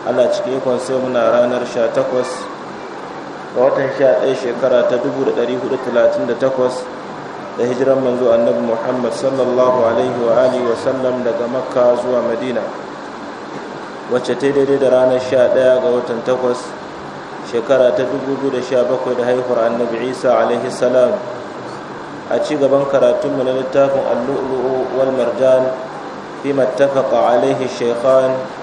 Ana cikin ikon sai muna ranar 18 ga watan 11 shekara ta 1438 da hijiran manzo annabi muhammad sallallahu alaihi wa alihi wa sallam daga makka zuwa madina wacce ta daidai da ranar 11 ga watan 8 shekara ta 2017 da haihuwar annabi isa alaihi salam a ci gaban karatunmu na littafin allu'lu'u wal marjan fi mattafaqa alaihi shaykhan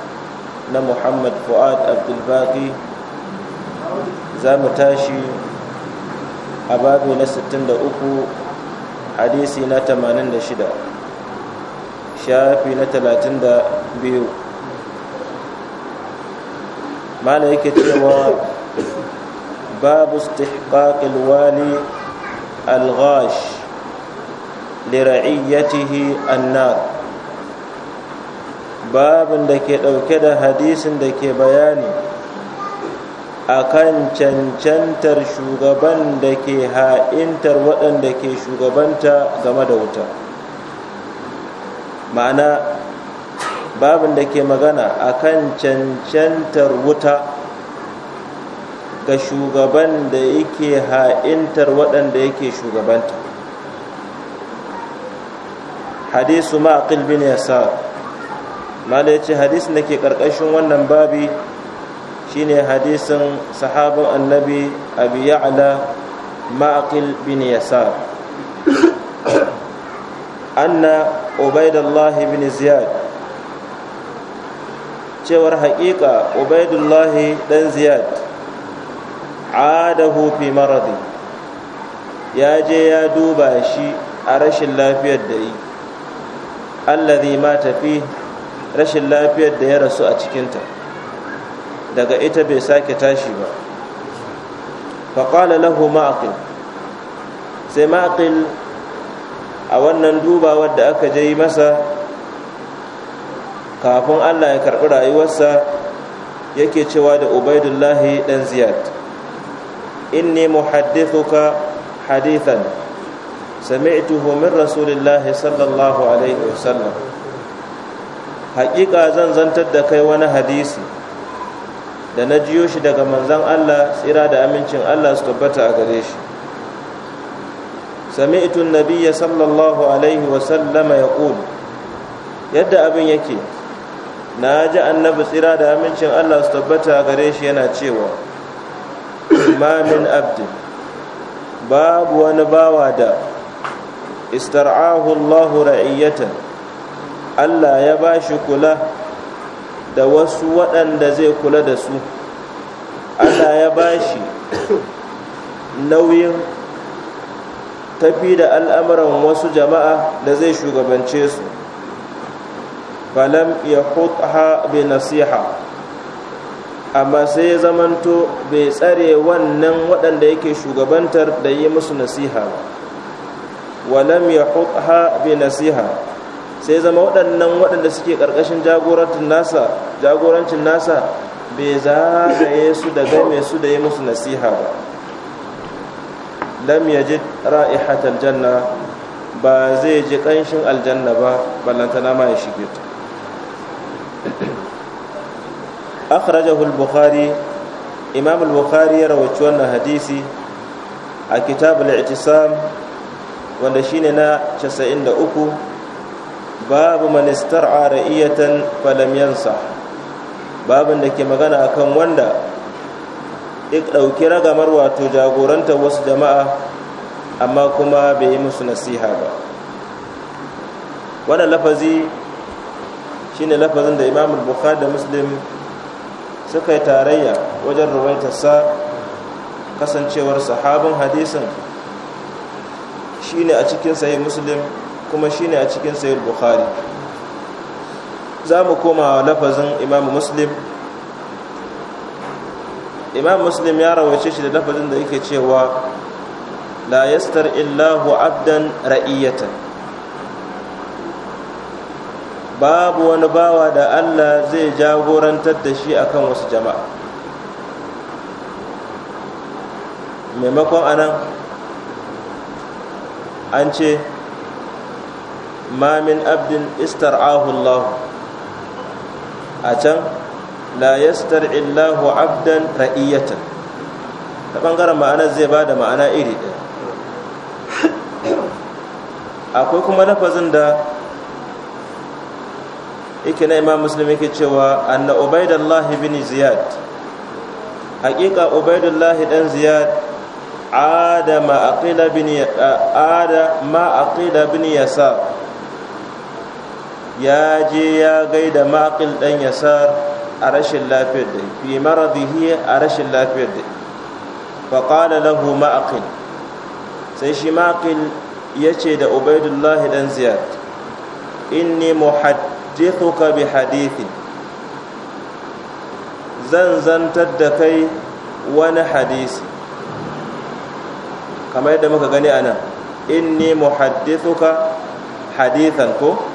na muhammad fu'ad abdulbaki za mu tashi a babu na 63 hadisi na 86 shafi na 32 mala yake cewa babu istihqaqil wali al-ghash li ra'iyatihi an-nar babin da ke ɗauke da hadisin da ke bayani akan cancantar shugaban da ke ha'intar waɗanda ke shugabanta game da wuta ma'ana babin da ke magana akan cancantar wuta ga shugaban da yake ha'intar waɗanda yake shugabanta hadisu ma'aƙil bin yasar mala ya ce hadisin da ke karkashin wannan babi shine hadisin sahabin annabi abi ya'la ma'aqil bin yasar anna ubaidallahi bin ziyad cewar haƙiƙa ubaidullahi Dan ziyad adahu fi maradi ya je ya duba shi a rashin lafiyar da yi allazi ma tafi. rashin lafiyar da ya rasu a cikinta daga ita bai sake tashi ba faƙala lahu ma'aƙil sai ma'aƙil a wannan dubawar da aka je yi masa kafin allah ya karɓi rayuwarsa yake cewa da ubaidullahi ɗan ziyad inni muhaddithuka hadithan sami'tuhu min rasulillahi sallallahu alaihi wasallam haƙiƙa zan zantar da kai wani hadisi da na jiyo shi daga manzan Allah tsira da amincin Allah su tabbata a gare shi sami'tu nabiyya sallallahu alaihi wa sallama yaqul yadda abin yake na ji annabi tsira da amincin Allah su tabbata a gare shi yana cewa imamin Abdi. babu wani bawa da istar'ahu Allah Allah ya ba shi kula da wasu waɗanda zai kula da su Allah ya ba shi nauyin tafi da al'amuran wasu jama'a da zai shugabance su falam ya hutha bi nasiha amma sai ya zamanto bai tsare wannan waɗanda yake shugabantar da yi musu nasiha walam ya hutha bi nasiha sai zama waɗannan waɗanda suke ƙarƙashin jagorancin nasa jagorancin nasa bai zagaye su da game su da yi musu nasiha ba lam yaji ra'ihat aljanna ba zai ji ƙanshin aljanna ba ballantana ma ya shige ta akhrajahu al-bukhari imam al-bukhari ya rawaci wannan hadisi a kitab al-i'tisam wanda shine na 93 babu ministar a ra'iyatan falamiyansa babin da ke magana akan wanda ɗauki ragamar wato jagorantar wasu jama'a amma kuma bai yi musu nasiha ba wannan lafazi shine lafazin da imam bukhari da muslim suka yi tarayya wajen ruwaitarsa kasancewar sahabin hadisin shine a cikin sahih muslim kuma ne a cikin sayar bukhari za mu koma lafazin imamu muslim imam muslim ya rawace shi da lafazin da yake cewa la yastar illahu abdan ra'iyyatan babu wani bawa da allah zai jagorantar da shi akan wasu jama'a maimakon anan an ce Mamin min abdin istar'ahu a can la yastar'i Allah abdan ra'iyatan ta bangaren ma'ana zai bada ma'ana iri ɗaya akwai kuma lafazin da yake na imam muslim yake cewa anna ubaidallahi bin ziyad haƙiƙa ubaidallahi dan ziyad ma aqila bin ada yasa ya je ya gaida maƙil ɗan yasar a rashin lafiyar da fi maradihi a rashin lafiyar da faƙala lahu maƙil sai shi maƙil ya ce da ubaidullahi ɗan ziyad inni muhaddithuka bi hadithin zan zantar da kai wani hadisi kamar yadda muka gani a nan inni muhaddithuka hadithan ko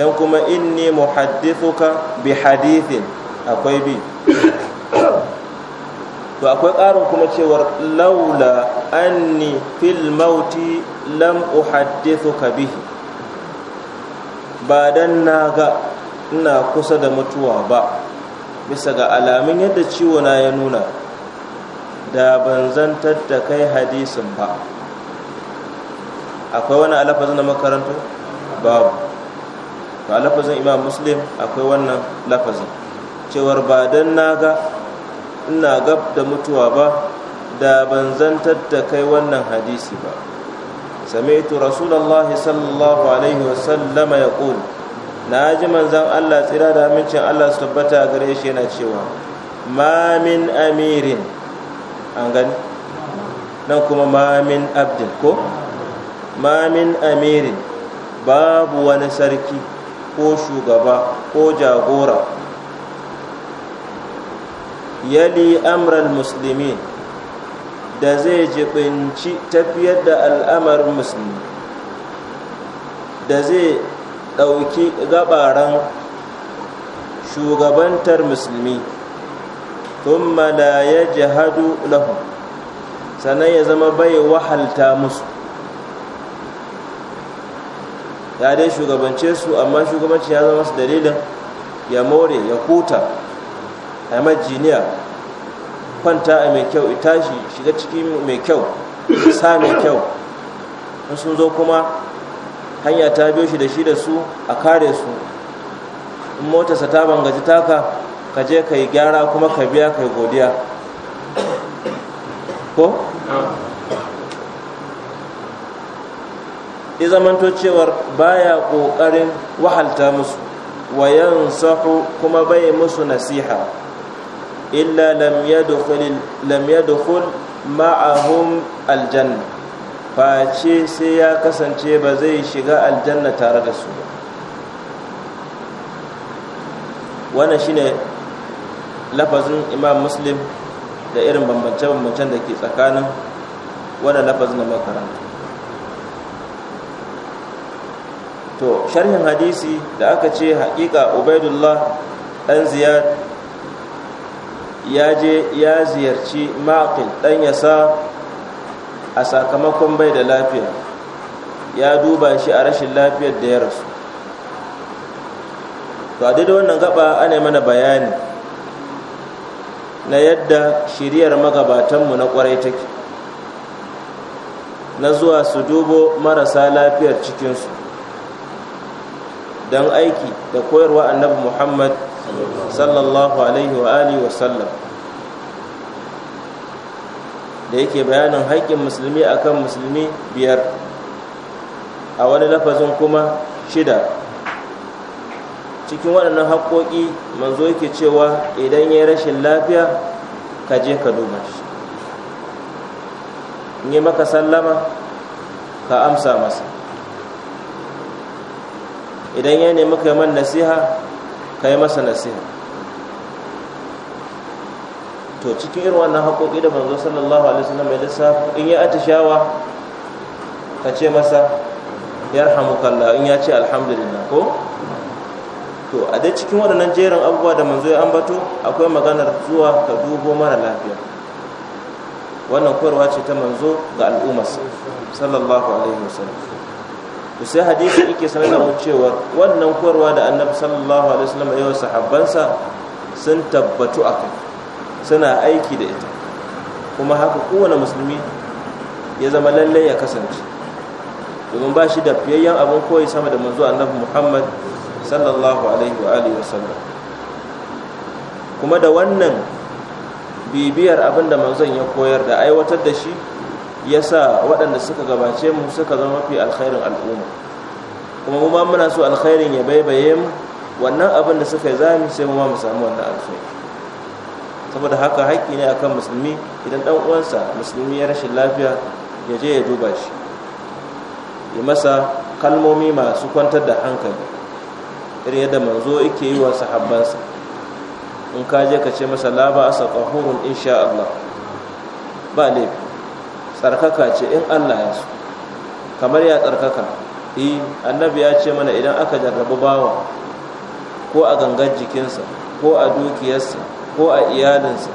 can kuma inni muhaddithuka bi hadithin akwai bi to akwai ƙarin kuma cewar laula anni fil mauti lam uhaddithuka bihi ba dan na ga ina kusa da mutuwa ba bisa ga alamin yadda ciwo na ya nuna da ban zantar da kai hadisin ba akwai wani alafazin na makarantar babu to a lafazin imam muslim akwai wannan lafazin cewar ba dan naga ina gab da mutuwa ba da ban zantar da kai wannan hadisi ba sami'tu rasulallah sallallahu alaihi wasallama yaqul na ji manzan Allah tsira da amincin Allah su tabbata gare shi yana cewa ma min amirin an gani nan kuma ma abdin ko ma amirin babu wani sarki ko shugaba ko jagora yali amran musulmi da zai jibinci tafiyar da al'amarin musulmi da zai ɗauki gabaran shugabantar musulmi tun thumma ya yajhadu lahum sannan ya zama bai wahalta musu ya dai shugabance su amma shugabanci ya zama su dalilin ya more ya kuta a majiniya kwanta a mai kyau itashi shiga ciki mai kyau sa mai kyau in sun zo kuma hanya ta biyo shi da shi da su a kare su in motarsa ta bangaji taka ka je ka yi gyara kuma ka biya ka yi godiya ko? ya zamanto cewar baya ƙoƙarin wahalta musu wa yansahu kuma bai musu nasiha illa lam yadkhul ma'ahum aljanna face sai ya kasance ba zai shiga aljanna tare da su ba wannan shine lafazin imam muslim da irin bambance-bambancen da ke tsakanin wannan lafazin da makaranta to sharhin hadisi da aka ce haƙiƙa ubaidullah ɗan ziyar ya je ya ziyarci maƙil ɗan ya sa a sakamakon bai da lafiya ya duba shi a rashin lafiyar da ya rasu to a daidai wannan gaba ana mana bayani na yadda shiriyar magabatanmu na ƙwarai take na zuwa su dubo marasa lafiyar cikinsu don aiki da koyarwa annabi muhammad sallallahu alaihi wa alihi wasallam da yake bayanin haƙƙin musulmi akan musulmi biyar a wani lafazin kuma shida cikin waɗannan haƙƙoƙi manzo yake cewa idan ya rashin lafiya ka je ka duba shi yi maka sallama ka amsa masa idan ya nemi kai man nasiha kai masa nasiha to cikin irin wannan haƙoƙi da manzo sallallahu alaihi wasallam mai lissafa in ya atishawa ka ce masa yarhamukallah in ya ce alhamdulillah ko to a dai cikin waɗannan jerin abubuwa da manzo ya ambato akwai maganar zuwa ka dubo mara lafiya wannan koyarwa ce ta manzo ga al'ummarsa sallallahu alaihi wasallam to sai hadisi yake sanar da mu cewa wannan koyarwa da annabi sallallahu alaihi wasallam sahabbansa sun tabbatu a suna aiki da ita kuma haka kowane musulmi ya zama lallai ya kasance domin ba shi da fiyayyen abin koyi sama da manzo annabi muhammad sallallahu alaihi wa alihi wasallam kuma da wannan bibiyar abinda manzon ya koyar da aiwatar da shi ya sa waɗanda suka gabace mu suka zama mafi alkhairin al'umma kuma mu ma muna so alkhairin ya baibaye mu wannan abin da suka yi zami sai mu ma mu samu wannan alkhairi saboda haka haƙƙi ne akan musulmi idan ɗan uwansa musulmi ya rashin lafiya ya je ya duba shi ya masa kalmomi masu kwantar da hankali irin yadda manzo yake yi wa sahabbansa in ka je ka ce masa laba asa qahurun insha ba laifi tsarkaka ce in Allah ya so kamar ya tsarkaka yi e, annabi ya ce mana idan aka jarrabu bawa ko a gangar jikinsa ko a dukiyarsa ko a iyalinsa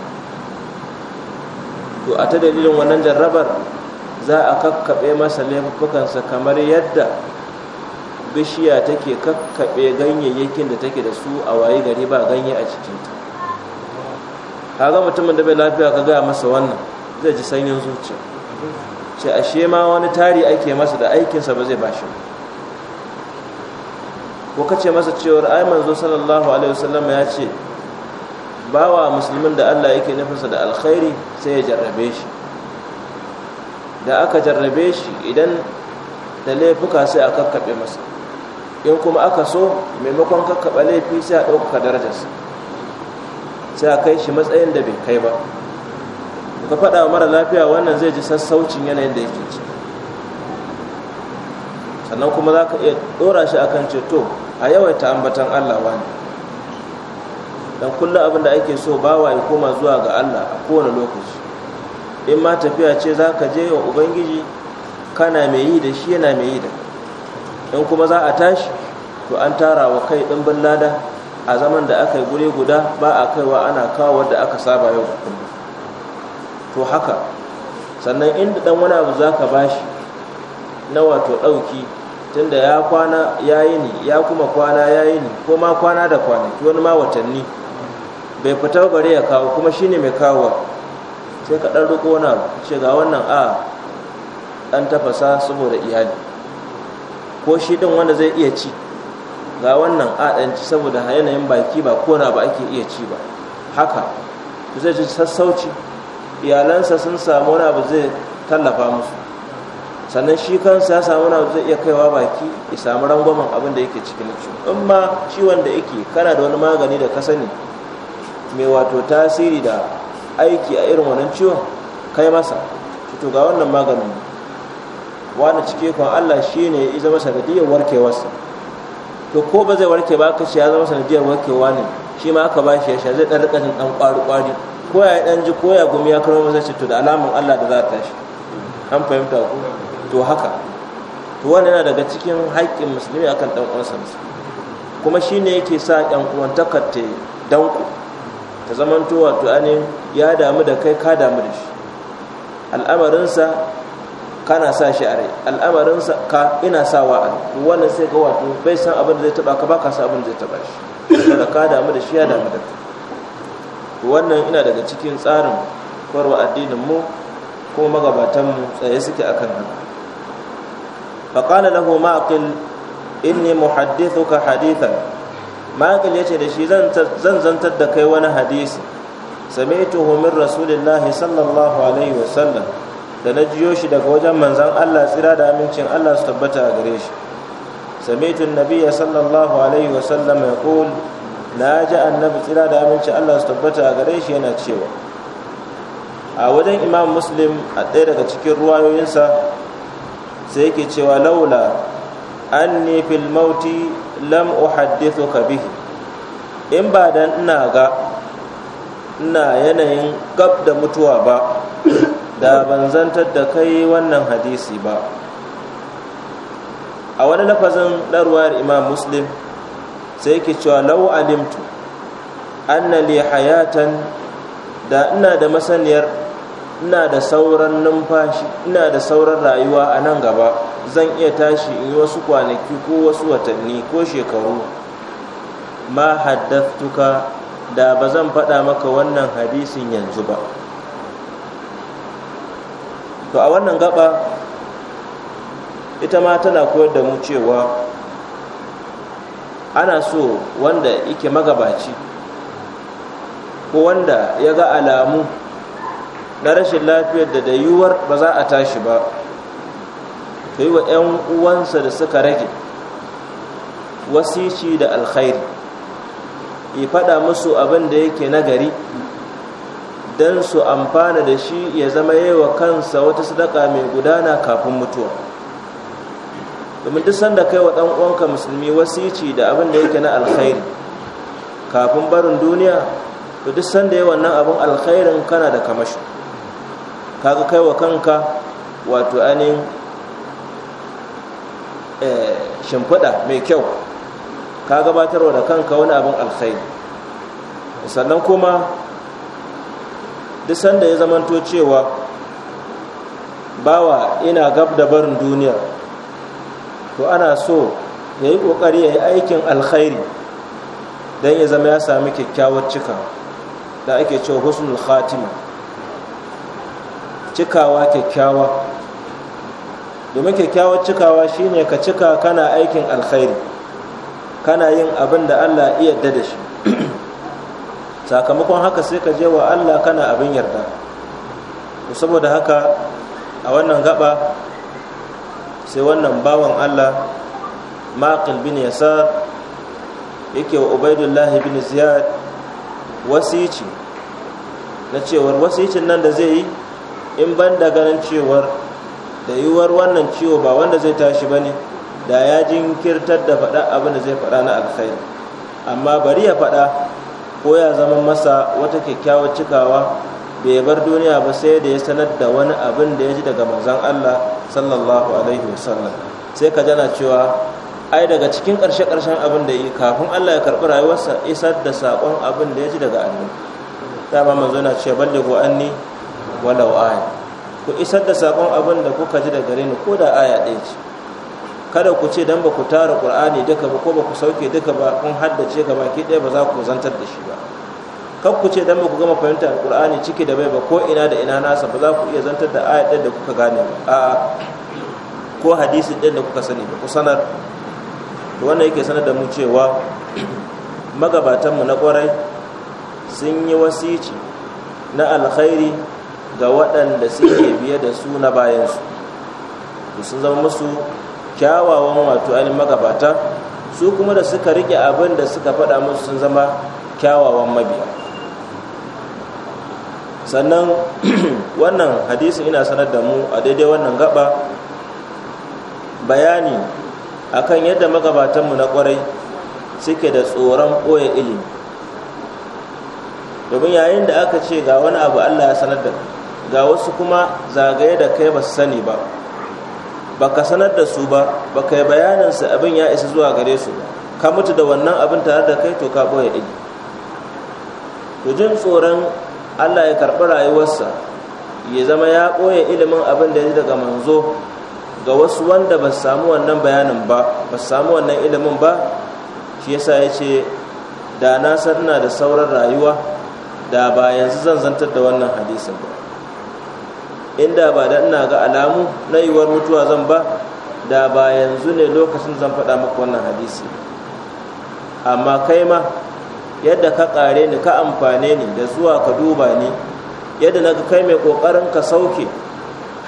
to a ta dalilin wannan jarrabar za a kakkaɓe masa laifukansa kamar yadda bishiya take kakkaɓe ganyayyakin da take da su a waye gari ba ganye a cikinta kaga mutumin da bai lafiya ka gaya masa wannan zai ji sanyin zuciya ce ashe ma wani tari ake masa da aikinsa ba zai bashi ko kace masa cewar ai manzo sallallahu alaihi wasallam ya ce bawa musulmin da Allah yake nufinsa da alkhairi sai ya jarrabe shi da aka jarrabe shi idan da laifuka sai a kakkaɓe masa in kuma aka so maimakon kakkaɓa laifi sai a ɗaukaka darajarsa sai a kai shi matsayin da bai kai ba ka faɗa wa mara lafiya wannan zai ji sassaucin yanayin da yake ci sannan kuma za ka iya ɗora shi a kan ceto a yawaita ambatan allah wani don kullum abin da ake so bawa ya koma zuwa ga allah a kowane lokaci in ma tafiya ce za ka je wa ubangiji kana mai yi da shi yana mai yi da in kuma za a tashi to an tara wa kai ɗimbin lada a zaman da aka yi guri guda ba a kaiwa ana kawo wadda aka saba yau kullum to haka sannan inda dan wani abu za ka bashi na wato ɗauki tunda ya kwana ya yi ni ya kuma kwana ya yi ni ko ma kwana da kwana, ki wani ma watanni bai fita bare ya kawo kuma shine mai kawo sai ka ɗan riko wani abu ce ga wannan a ɗan tafasa saboda iyali ko shi ɗin wanda zai iya ci ga wannan a ɗan ci saboda yanayin baki ba kona ba ake iya ci ba haka zai ci sassauci iyalansa sun samu wani abu zai tallafa musu sannan shi kansa ya samu wani abu zai iya kaiwa baki ya samu rangwamen abin da yake cikin ciwo in ma ciwon da yake kana da wani magani da ka sani mai wato tasiri da aiki a irin wannan ciwon kai masa to ga wannan maganin wani cike kwan Allah shi ne ya zama sanadiyar warkewarsa to ko ba zai warke ba ka ce ya zama sanadiyar warkewa ne shi ma aka ba shi ya sha zai ɗan rikacin ɗan ƙwari-ƙwari ko ya dan ji ko ya gumi ya karo masa to da alaman Allah da za ta tashi an fahimta ku to haka to wannan yana daga cikin haƙƙin musulmi akan dan uwansa musulmi kuma shine yake sa yan uwantaka ta ku ta to wato ane ya damu da kai ka damu da shi al'amarin sa kana sa shi a rai sa ka ina sawa a wannan sai ga wato bai san abin da zai taba ka ba ka san abin da zai taba shi da ka damu da shi ya damu da kai wannan ina daga cikin tsarin kwarwa addinin mu ko magabatan mu tsaye suke akan haka faqala lahu ma'qil inni muhaddithuka hadithan ma'qil yace da shi zan zantar da kai wani hadisi sami'tuhu min rasulillahi sallallahu alaihi wasallam da na jiyo shi daga wajen manzon Allah tsira da amincin Allah su tabbata a gare shi sami'tu an-nabiyya sallallahu alaihi wasallam yaqul na ji annabi tsira da aminci Allah su tabbata a gare shi yana cewa a wajen imam muslim a ɗaya daga cikin ruwayoyinsa sai yake cewa laula anni fil mauti lam ka bihi in ba dan ina ga ina yanayin gab da mutuwa ba da ban zantar da kai wannan hadisi ba a wani lafazin ɗarwayar imam muslim sai ki cewa lau alimtu anna li hayatan da ina da masaniyar ina da sauran numfashi ina da sauran rayuwa a nan gaba zan iya tashi in yi wasu kwanaki ko wasu watanni ko shekaru ma haddattuka da ba zan faɗa maka wannan hadisin yanzu ba to a wannan gaba ita ma tana koyar da mu cewa ana so wanda yake magabaci ko wanda ya ga alamu na rashin lafiyar da dayuwar yiwuwar ba za a tashi ba Ka yi wa 'yan uwansa da suka rage wasici da alkhairi ya faɗa musu abin da yake nagari don su amfana da shi ya zama yi wa kansa wata sadaka mai gudana kafin mutuwa domin duk sanda kai wa dan uwanka musulmi wasici da abin da yake na alkhairi kafin barin duniya to duk sanda yawan wannan abin alkhairin kana da kamashi kaga kai wa kanka wato anin eh, shimfiɗa mai kyau ka gabatarwa da kanka wani abin alkhairi sannan kuma duk sanda ya zamanto cewa bawa ina gab da barin duniya to ana so ya yi ƙoƙari ya yi aikin alkhairi don ya zama ya sami kyakkyawar cika da ake cewa husnul khatima cikawa kyakkyawa domin kyakkyawar cikawa shi ne ka cika kana aikin alkhairi kana yin abin da allah iya da shi sakamakon haka sai ka je wa allah kana abin yarda saboda haka a wannan gaba sai wannan bawan Allah maqil bin yasar yake wa ubaidullah bin ziyad wasici na cewar wasicin nan da zai yi in ban da ganin cewar da yiwuwar wannan ciwo ba wanda zai tashi ba ne da ya jinkirtar da faɗa abin da zai faɗa na alkhairu amma bari ya faɗa ko ya zama masa wata kyakkyawar cikawa bai bar duniya ba sai da ya sanar da wani abin da ya ji daga manzan Allah sallallahu alaihi wasallam sai ka jana cewa ai daga cikin karshe ƙarshen abin da yi kafin Allah ya karɓi rayuwarsa isar da saƙon abin da ya ji daga annabi ba manzo na ce ballighu anni walau aya ku isar da saƙon abin da kuka ji daga ni ko da aya ɗaya ce kada ku ce dan ba ku tara ƙur'ani duka ba ko ba ku sauke duka ba kun haddace ga baki ɗaya ba za ku zantar da shi ba kan ku ce dan ba ku gama fahimtar alqur'ani ciki da bai ba ko ina da ina nasa ba za ku iya zantar da ayat din da kuka gane a ko hadisi din da kuka sani ba ku sanar to wannan yake sanar da mu cewa magabatanmu na kwarai sun yi wasici na alkhairi ga waɗanda suke biye da su na bayansu to sun zama musu kyawawan wato ainihin magabata su kuma da suka rike abin da suka faɗa musu sun zama kyawawan mabiya sannan wannan hadisin ina sanar da mu a daidai wannan gaba bayani akan yadda magabatanmu na kwarai suke da tsoron ɓoye ilimi domin yayin da aka ce ga wani abu allah ya sanar da ga wasu kuma zagaye da kai ba su sani ba baka sanar da su ba baka yi bayaninsu abin ya isa zuwa gare su ka mutu da wannan abin tare da kai to ka ɓoye ilimi tujin tsoron Allah ya karɓi rayuwarsa ya zama ya ɓoye ilimin abin da ya ji daga manzo ga wasu wanda ba samu wannan bayanin ba ba samu wannan ilimin ba shi yasa ya ce da na sanna da sauran rayuwa da ba yanzu zan zantar da wannan hadisin ba inda ba da ina ga alamu na yiwuwar mutuwa zan ba da ba yanzu ne lokacin zan faɗa maka wannan hadisi amma kai ma yadda ka kare ni ka amfane ni da zuwa ka duba ni yadda na kai mai kokarin ka sauke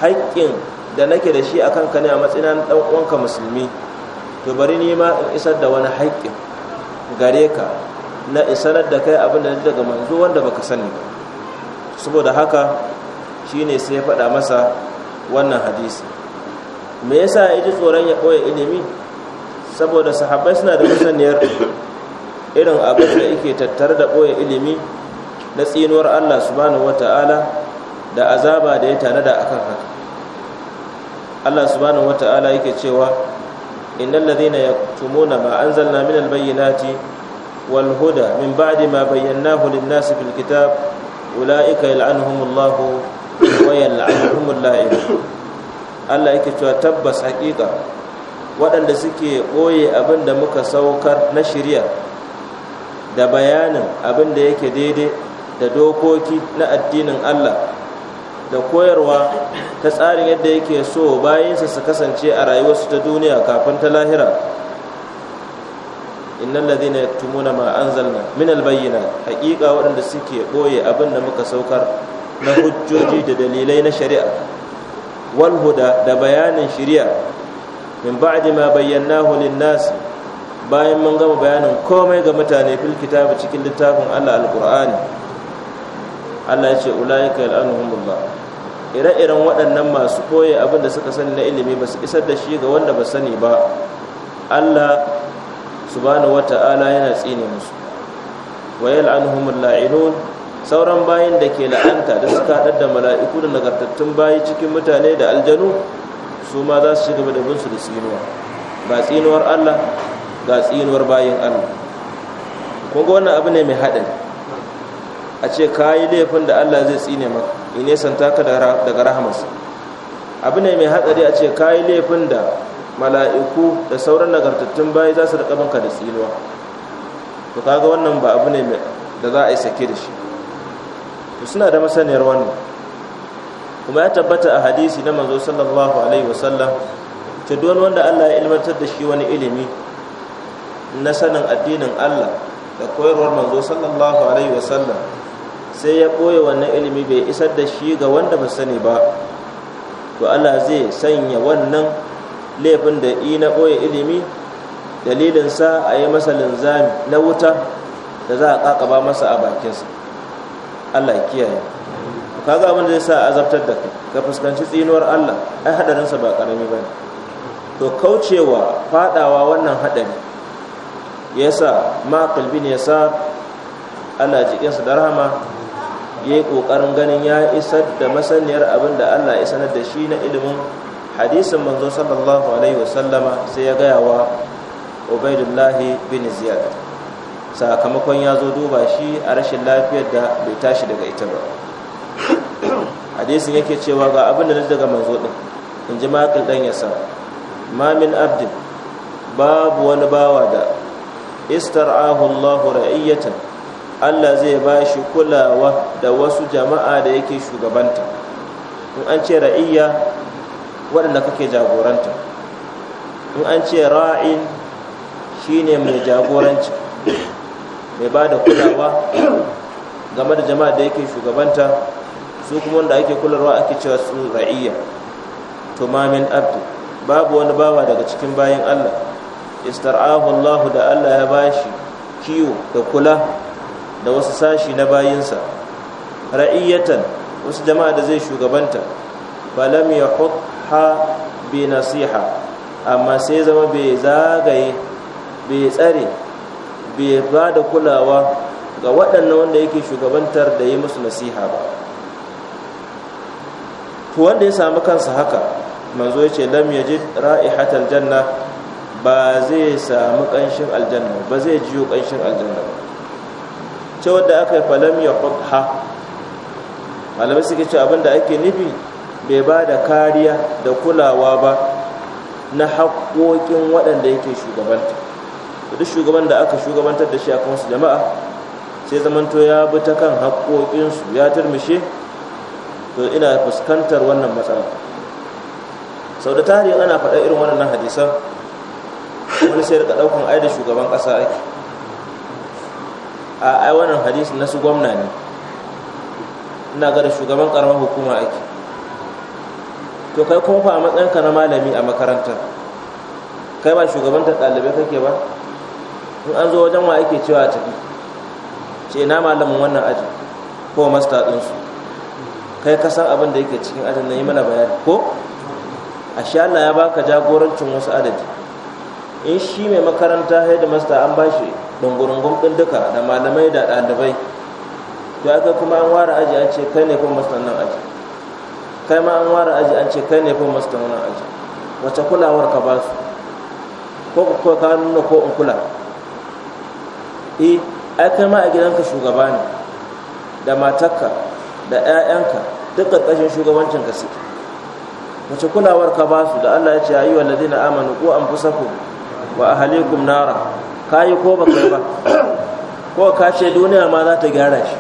haƙƙin da nake da shi a kanka ne a matsinan musulmi to bari ni ma in isar da wani haƙƙin gare ka na isanar da kai abin da daga manzo wanda baka sani ba saboda haka shine sai ya faɗa masa wannan hadisi me yasa ya ji tsoron ya ɓoye ilimi saboda sahabbai suna da musaniyar irin abin da yake tattare da ɓoye ilimi na tsinuwar Allah subhanahu wata'ala da azaba da ya da akan haka Allah subhanahu wata'ala yake cewa innal ladhina yaktumuna ma anzalna min albayinati wal huda min ba'di ma bayyanahu lin-nasi fil kitab ulaika yal'anuhumullahu wa Allah yake cewa tabbas haƙiƙa waɗanda suke ɓoye abin da muka saukar na shirya da bayanin abin da yake daidai da dokoki na addinin Allah da koyarwa ta tsarin yadda yake so bayansa su kasance a rayuwarsu ta duniya kafin ta lahira innal ladhina tumuna ma anzalna min bayyana haqiqa waɗanda suke ɓoye abin da muka saukar na hujjoji da dalilai na shari'a wal huda da bayanin shari'a min ba'di ma bayyana lin-nasi bayan mun gama bayanin komai ga mutane fil kitabi cikin littafin Allah alqur'ani Allah ya ce ulaika yal'anuhumullah ire-iren waɗannan masu koye abin da suka sani na ilimi ba su isar da shi ga wanda ba sani ba Allah subhanahu wata'ala yana tsine musu wayal anhumul la'inun sauran bayin da ke la'anta da suka haɗar da mala'iku da nagartattun bayi cikin mutane da aljanu su ma za su shiga da bin su da tsinuwa ba tsinuwar Allah ga tsinuwar bayan Allah kun ga wannan abu ne mai haɗari a ce ka yi laifin da Allah zai tsine maka ine santa ka daga rahamarsa abu ne mai hatsari a ce ka yi laifin da mala'iku da sauran nagartattun bayi za su riƙa banka da tsinuwa to kaga wannan ba abu ne da za a yi sake da shi to suna da masaniyar wannan kuma ya tabbata a hadisi na manzo sallallahu alaihi wasallam ta duwan wanda Allah ya ilmantar da shi wani ilimi na sanin addinin Allah da koyarwar manzo sallallahu alaihi wasallam sai ya ɓoye wannan ilimi bai isar da shi ga wanda ba sani ba to Allah zai sanya wannan laifin da i na ɓoye ilimi dalilinsa a yi masa linzami na wuta da za a ƙaƙaba masa a bakinsa Allah ya kiyaye kaga abin da zai sa azabtar da kai ka fuskanci tsinuwar Allah ai hadarinsa ba karami ba ne to kaucewa faɗawa wannan haɗari yasa ma kalbin ya sa Allah jikinsa da rahama ya yi ƙoƙarin ganin ya isar da masaniyar abin da Allah ya sanar da shi na ilimin hadisin manzo sallallahu alaihi wasallama sai ya gaya wa ubaidullahi bin ziyad sakamakon ya zo duba shi a rashin lafiyar da bai tashi daga ita ba hadisin yake cewa ga abin da daga manzo din in ji makil dan yasa mamin min abdin babu wani bawa da istar'ahu Allah ra'iyatan Allah zai ba shi kulawa da wasu jama'a da yake shugabanta in an ce ra'iyya waɗanda kake jagoranta in an ce ra'in shine mai jagoranci mai ba da kulawa game da jama'a da yake shugabanta su kuma wanda ake kularwa ake cewa su ra'iyya to ma min abdu babu wani bawa daga cikin bayan Allah istar'ahu Allah da Allah ya bashi kiyo da kula da wasu sashi na bayinsa ra'iyatan wasu jama'a da zai shugabanta ba falam yahutha bi nasiha amma sai zama bai zagaye bai tsare bai ba da kulawa ga waɗannan wanda yake shugabantar da yi musu nasiha ba to wanda ya samu kansa haka manzo ya ce lam yajid ra'ihatal janna ba zai samu ƙanshin aljanna ba zai jiyo ƙanshin aljanna ba ce wadda aka yi falam ya ha malamai suke ce abinda ake nufi bai ba da kariya da kulawa ba na haƙoƙin waɗanda yake shugabanta duk shugaban da aka shugabantar da shi a kansu jama'a sai zamanto ya bi ta kan haƙoƙinsu ya turmushe to ina fuskantar wannan matsala sau da tarihin ana faɗa irin wannan hadisan wani sai da daukan ai da shugaban kasa ai a ai wannan hadisi na su gwamna ne ina ga da shugaban karamar hukuma ake to kai kuma fa matsayin ka na malami a makarantar kai ba ta ɗalibai kake ba in an zo wajen wa ake cewa a tafi ce na malamin wannan aji ko masta ɗinsu kai ka san abin da yake cikin ajin nan yi mana bayani ko a Allah ya baka jagorancin wasu adadi in eh, shi mai makaranta headmaster an bashi dungurungun ɗin duka da malamai da ɗalibai to aka kuma an ware aji an ce kai ne kuma mastan nan aji kai ma an ware aji an ce kai ne kuma mastan nan aji wace kulawar ka ba su ko ko ka nuna ko in kula eh ai kai ma a gidanka shugaba ne da matarka da 'ya'yanka duk ƙarƙashin shugabancin ka suke wace kulawar ka ba su da Allah ya ce ayyuhal ladina amanu qu anfusakum wa ahalikum nara kai ko ba kai ba ko ka ce duniya ma za ta gyara shi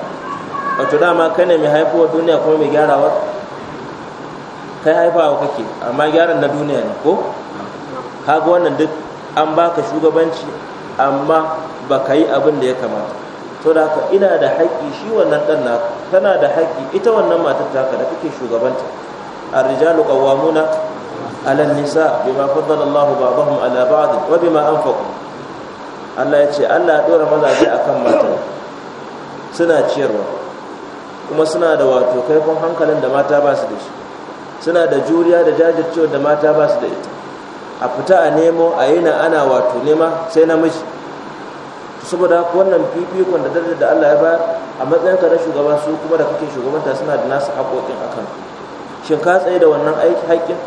wato dama kai ne mai haifowa duniya kuma mai gyarawa kai haifawa kake amma gyaran na duniya ne ko kaga wannan duk an baka shugabanci amma baka yi abin da ya kamata to da haka ina da haƙƙi shi wannan ɗan na. tana da haƙƙi ita wannan matar taka da kake shugabanta arrijalu qawwamuna على النساء بما فضل الله بعضهم على بعض وبما انفقوا الله يتي الله دور ماذا جاء كم ماتا سنة تشيروا kuma suna da wato kaifin hankalin da mata ba su da shi suna da juriya da jajircewa da mata ba su da ita a fita a nemo a yi na ana wato nema sai namiji saboda haka wannan fifikon da darajar da Allah ya ba a matsayinka na shugaba su kuma da kake shugabanta suna da nasu haƙoƙin akan shin ka tsaye da wannan aiki haƙƙin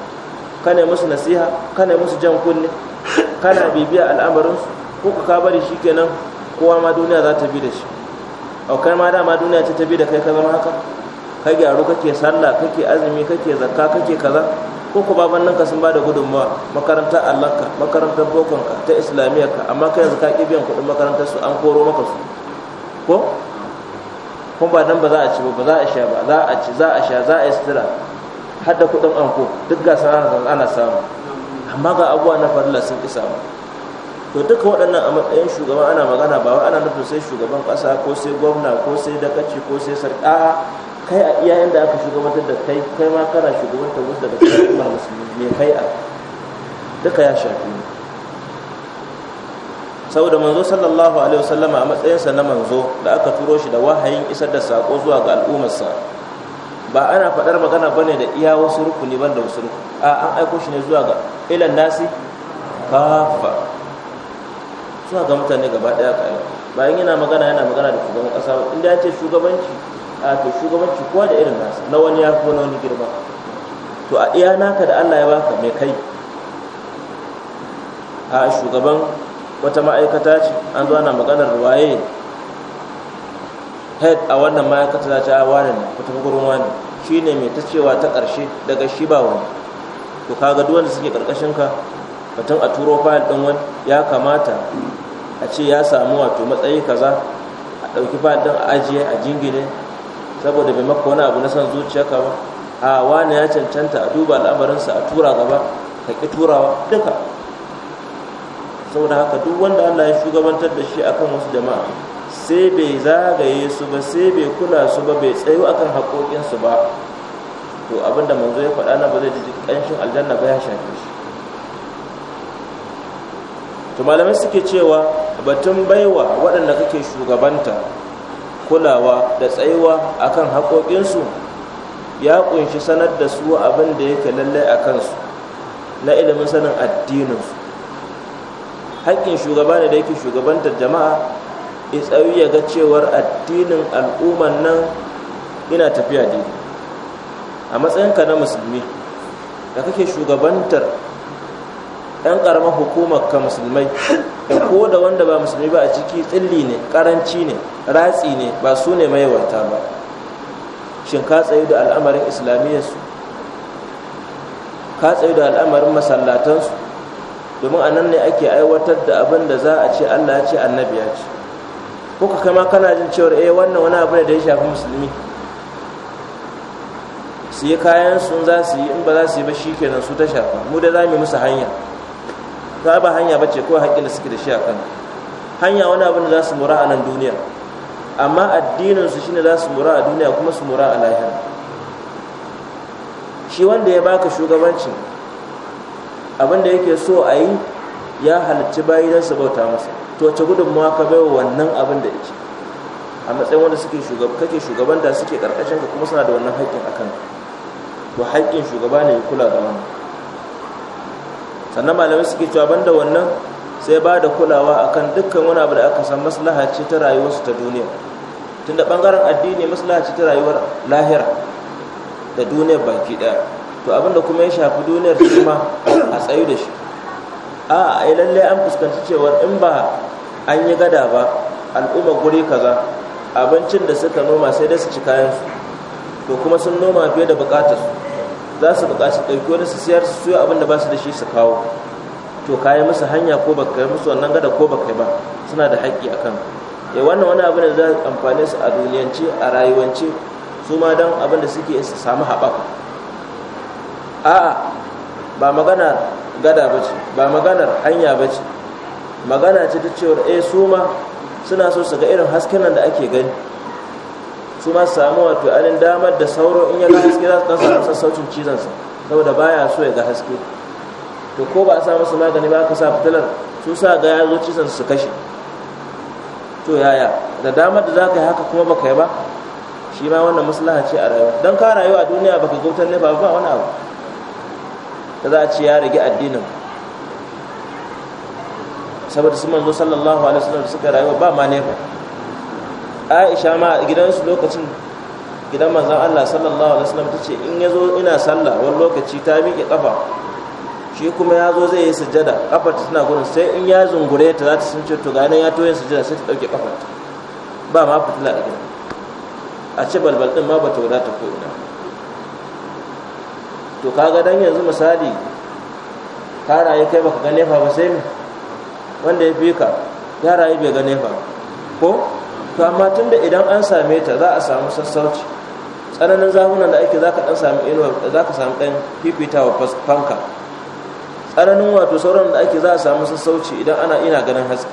kana musu nasiha kana musu jan kunne kana bibiya al'amarinsu ko ka bari shi kenan kowa ma duniya za ta bi da shi kai ma dama duniya ce ta bi da kai ka zama haka ka gyaru kake sallah kake azumi kake zakka kake kaza ko ku baban nan ka sun bada gudunmawa makarantar allahka makarantar bokonka ta islamiyyarka amma kai yanzu ka ƙi biyan kuɗin makarantar su an koro maka su ko kuma ba nan ba za a ci ba za a sha ba za a ci za a sha za a yi sutura har da kuɗin anko duk ga sana ana samu amma ga abubuwa na farilla sun isa samu to duka waɗannan a matsayin shugaban ana magana ba wa ana nufin sai shugaban ƙasa ko sai gwamna ko sai dakaci ko sai sarƙa kai a iya yadda aka shugabantar da kai kai ma kana shugabantar wasu daga cikin musulmi mai kai a duka ya shafi ne saboda manzo sallallahu alaihi wasallama a matsayinsa na manzo da aka turo shi da wahayin isar da sako zuwa ga al'ummarsa ba ana faɗar magana ba ne da iya wasu rukuni ban da wasu rukuni a an aiko shi ne zuwa ga ilan nasi kafa zuwa ga mutane gaba ɗaya ka bayan yana magana yana magana da shugaban ƙasa ba inda ya ce shugabanci a to shugabanci kowa da irin nasi." na wani ya fi na wani girma to a iya naka da allah ya baka mai kai a shugaban wata ma'aikata ce an zo ana maganar waye head a wannan ma'aikata za ta ah, wani ne ku tafi gurin wani shi ne mai ta cewa ta ƙarshe daga shi ba wani to kaga duk wanda suke ƙarƙashin ka batun a turo fayil ɗin wani ya kamata a ce ya samu wato matsayi kaza a ɗauki fayil ɗin a ajiye a jingine saboda bai maka wani abu na son zuciyarka ba a wani ya cancanta a duba al'amarinsa a tura gaba ka ƙi turawa duka saboda haka duk wanda allah ya shugabantar da shi akan wasu jama'a sai bai zagaye su ba sai bai kula su ba bai tsayo akan su ba to abinda manzo ya faɗa na ba zai ji ƙanshin aljanna ba ya shafe shi to malamai suke cewa batun baiwa waɗanda kake shugabanta kulawa da tsayuwa akan su ya ƙunshi sanar da su abinda yake lallai a kansu na ilimin sanin addininsu haƙƙin shugaba ne da yake shugabantar jama'a ya tsawi ya ga cewar addinin al'umman nan yana tafiya daidai a matsayinka na musulmi da kake shugabantar 'yan karamar hukumar ka musulmai da ko da wanda ba musulmi ba a ciki tsilli ne karanci ne ratsi ne ba su ne maiwata ba shin ka tsayu da al'amarin islamiyyarsu ka tsayu da al'amarin masallatansu domin a nan ne ake aiwatar da abin da za a ce allah ya ce annabi ya ce ko ka kai ma kana jin cewar eh wannan wani abu ne da ya shafi musulmi su yi kayan sun za su yi in ba za su yi ba shi kenan su ta shafa mu da za mu musu hanya ta ba hanya ba ce kawai haƙƙin da suke da shi a kan hanya wani abu ne za su mura a nan duniya amma addinin su shine za su mura a duniya kuma su mura a lahira shi wanda ya baka shugabancin abinda da yake so a yi ya halarci bayi don su bauta masa to wace gudunmawa ka bai wa wannan abin da yake a matsayin wanda suke shugaba kake shugaban da suke karkashin ka kuma suna da wannan haƙƙin akan to haƙƙin shugaba ne ya kula da wannan sannan malamai suke cewa banda wannan sai ba da kulawa akan dukkan wani abu da aka san maslaha ce ta rayuwarsu ta duniya tunda bangaren addini maslaha ce ta rayuwar lahira da duniyar baki daya to abinda kuma ya shafi duniyar shi ma a tsayu da shi a ai lallai an fuskanci cewar in ba an yi gada ba al'umma guri kaza abincin da suka noma sai dai su ci kayansu. su to kuma sun noma fiye da bukatar su za su bukaci ɗauki wani su siyar su siyo abin da ba su da shi su kawo to kayi musu hanya ko ba kai musu wannan gada ko ba kai ba suna da haƙƙi a kan ya eh, wannan wani abin da za a amfani su a duniyance a rayuwance su ma don abin da suke su samu haɓaka a'a ba magana gada ba ce ba maganar hanya ba ce magana ce ta cewar eh su ma suna so su ga irin hasken nan da ake gani su ma samu wato alin damar da sauro in ya ga haske za su kan samu sassaucin cizon saboda ba ya so ya ga haske to ko ba a sa musu magani ba ka sa fitilar su sa ga ya zo cizon su kashe to yaya da damar da za ka yi haka kuma ba ka yi ba shi ma wannan maslaha ce a rayuwa don ka rayuwa a duniya baka gautar ne ba ba wani abu da za a ce ya rage addinin saboda su manzo sallallahu alaihi wasallam suka rayuwa ba ma nefa aisha ma a gidansu lokacin gidan manzon Allah sallallahu alaihi wasallam tace in yazo ina sallah wani lokaci ta miƙe kafa shi kuma ya zo zai yi sujjada kafar ta tana gurin sai in ya zungure ta za ta sun ce to ganin ya toye sujjada sai ta ɗauke kafar ta ba ma fitila a gidan a ce balbal ɗin ma ba ta wadata ko ina to kaga dan yanzu misali ka rayu kai baka ga nefa ba sai me wanda ya fi ka ya rayu bai gane ba ko to amma tun da idan an same ta za a samu sassauci tsananin zahunan da ake za ka ɗan samu inuwa za ka samu ɗan wa fanka tsananin wato sauran da ake za a samu sassauci idan ana ina ganin haske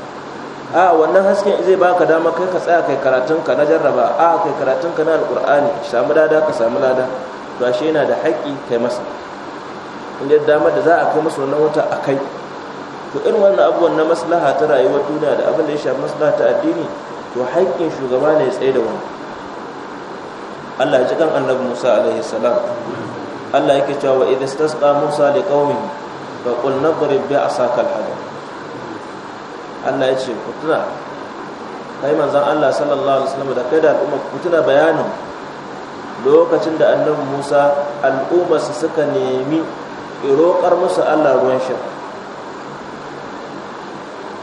a wannan hasken zai baka dama kai ka tsaya kai karatunka na jarraba a kai karatunka na alƙur'ani samu lada ka samu lada to ashe yana da haƙƙi kai masa inda damar da za a kai masa wannan wata a kai to irin wannan abubuwan na maslaha ta rayuwar duniya da abin da ya shafi maslaha ta addini to haƙƙin shugaba ne ya tsaye da wani Allah ya ji kan annabi Musa alaihi salam Allah yake cewa wa idh istasqa Musa liqaumihi fa qul nadrib bi asaka al Allah ya ce ku tuna kai manzon Allah sallallahu alaihi wasallam da kai da al'umma ku tuna bayanin lokacin da annabi Musa al'umma su suka nemi roƙar musu Allah ruwan shafa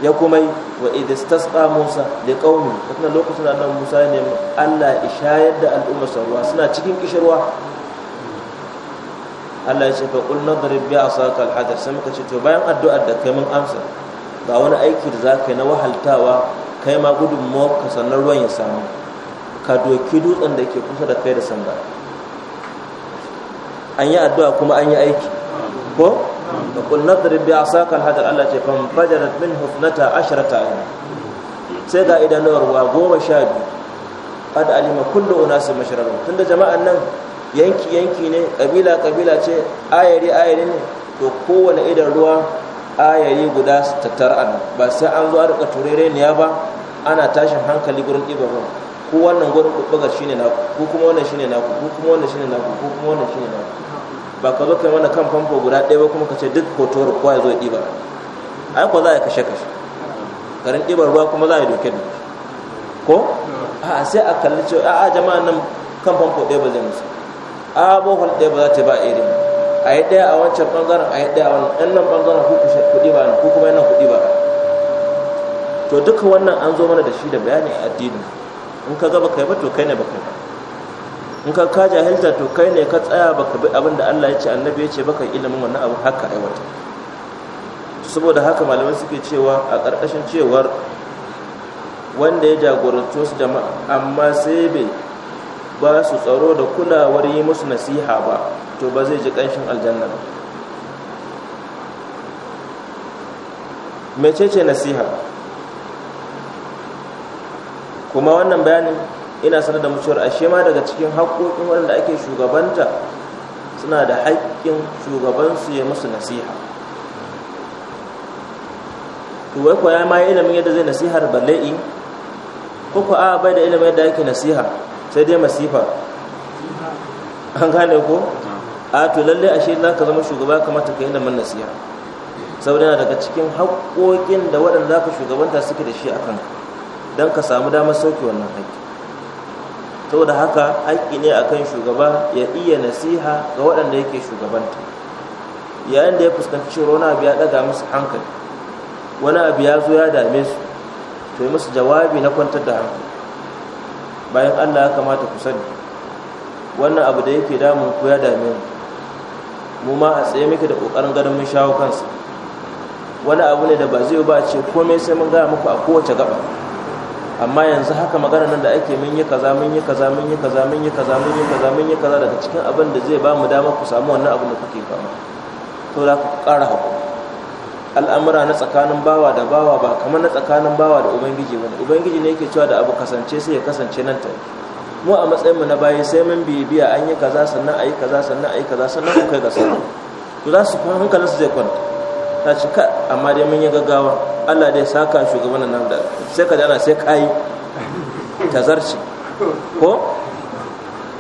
ya kuma yi wa idistasqa Musa da qaumi kuma lokacin da Musa ya nemi Allah ya shayar da al'ummar ruwa suna cikin kishirwa Allah ya ce fa qul nadrib bi asaka al-hadar sai muka ce to bayan addu'ar da kai mun amsa ga wani aiki da zaka yi na wahaltawa kai ma gudunmawar ka sannan ruwan ya samu ka doki dutsen da ke kusa da kai da sanda an yi addu'a kuma an yi aiki ko da kun nadrib bi asakal hadar Allah ce fam fajarat min hufnata asharata ayna sai ga idanuwar ruwa goma sha biyu hada alima kullu unasi mashrabu tunda jama'an nan yanki yanki ne kabila kabila ce ayari ayari ne to kowane idan ruwa ayari guda tattar anan ba sai an zo a rika turere ne ba ana tashin hankali gurin ɗiba ba ko wannan gurin ɗubbagar shine naku ko kuma wannan shine naku ko kuma wannan shine naku ko kuma wannan shine naku ba ka zo kai mana kan famfo guda ɗaya ba kuma ka ce duk hoto kowa ya zo ya ɗiba ai ko za a kashe kashe garin ɗibar ruwa kuma za a yi doke doke ko a sai a kalli ce a jama'an nan kan famfo ɗaya ba zai musu a bohol ɗaya ba za ta ba irin a yi ɗaya a wancan ɓangaren a yi ɗaya a wannan ɗan nan ɓangaren ku kuɗi ba ku kuma yana kuɗi ba to duka wannan an zo mana da shi da bayani addini in ka ga kai ba to kai ne ba kai ba in ka ka jahilta to kai ne ka tsaya baka bi abin da Allah ya ce annabi ya ce baka ilimin wannan abu haka aiwata saboda haka malamai suke cewa a ƙarƙashin cewar wanda ya jagoranci su jama'a amma sai bai ba su tsaro da kulawar yi musu nasiha ba to ba zai ji ƙanshin aljanna ba mecece nasiha kuma wannan bayanin ina sanar da mu cewar ashe ma daga cikin haƙoƙin waɗanda ake shugabanta suna da haƙƙin shugabansu ya musu nasiha to wai ko ya ma ilimin yadda zai nasihar balle'i ko ko a bai da ilimin yadda ake nasiha sai dai masifa an gane ko a to lalle ashe za ka zama shugaba kamata ka ilimin nasiha saboda yana daga cikin haƙoƙin da waɗanda za ka shugabanta suke da shi a kanka don ka samu damar sauke wannan haƙƙi saboda haka haƙƙi ne akan shugaba ya iya nasiha ga waɗanda yake shugabanta yayin da ya fuskanci cewa wani abu ya ɗaga musu hankali wani abu ya zo ya dame su to yi musu jawabi na kwantar da hankali bayan allah ya kamata ku sani wannan abu da yake damun ku ya dame mu mu ma a tsaye muke da ƙoƙarin ganin mun shawo kansa wani abu ne da ba zai ba ce komai sai mun gaya muku a kowace gaba amma yanzu haka magana nan da ake mun yi kaza mun yi kaza mun yi kaza mun yi kaza mun yi kaza mun yi kaza daga cikin abin da zai ba mu dama ku samu wannan abin da kuke fama to za ku ƙara haƙo al'amura na tsakanin bawa da bawa ba kamar na tsakanin bawa da ubangiji ba ubangiji ne yake cewa da abu kasance sai ya kasance nan ta mu a matsayin mu na baya sai mun bibiya an yi kaza sannan a yi kaza sannan a yi kaza sannan ku kai ga to za su hankalin su zai kwanta ta ci ka amma dai mun yi gaggawa Allah dai saka shugaban nan da sai ka dana sai kai tazarci ko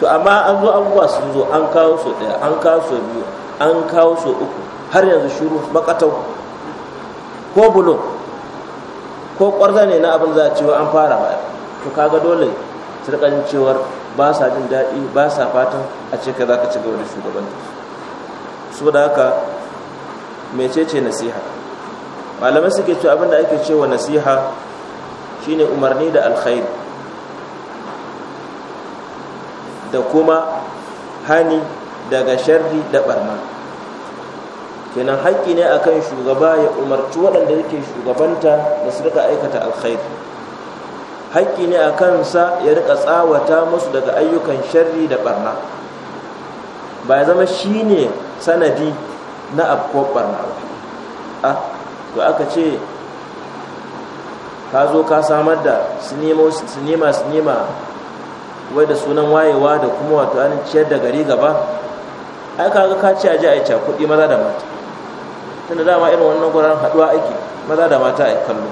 to amma an zo abubuwa sun zo an kawo su daya an kawo su biyu an kawo su uku har yanzu shuru makatau ko bulo ko kwarza ne na abin za a cewa an fara ba to kaga dole turkanin cewar ba sa jin daɗi ba sa fatan a ce ka za ka ci gaba da shugaban su da haka mecece nasiha malamai suke abin abinda ake cewa nasiha shine umarni da alkhairi da kuma hani daga sharri da barna kenan haƙƙi ne akan shugaba ya umarci waɗanda yake shugabanta da su rika aikata alkhairi haƙƙi ne a kansa ya rika tsawata musu daga ayyukan sharri da barna ba ya zama shine sanadi na afkuwar barna ba ah, to aka ce ka zo ka samar da sinima sinima wai da sunan wayewa da kuma wato an ciyar da gari gaba ai ga ka ci aje a yi kuɗi maza da mata tunda dama irin wannan guraren haɗuwa ake maza da mata a kallo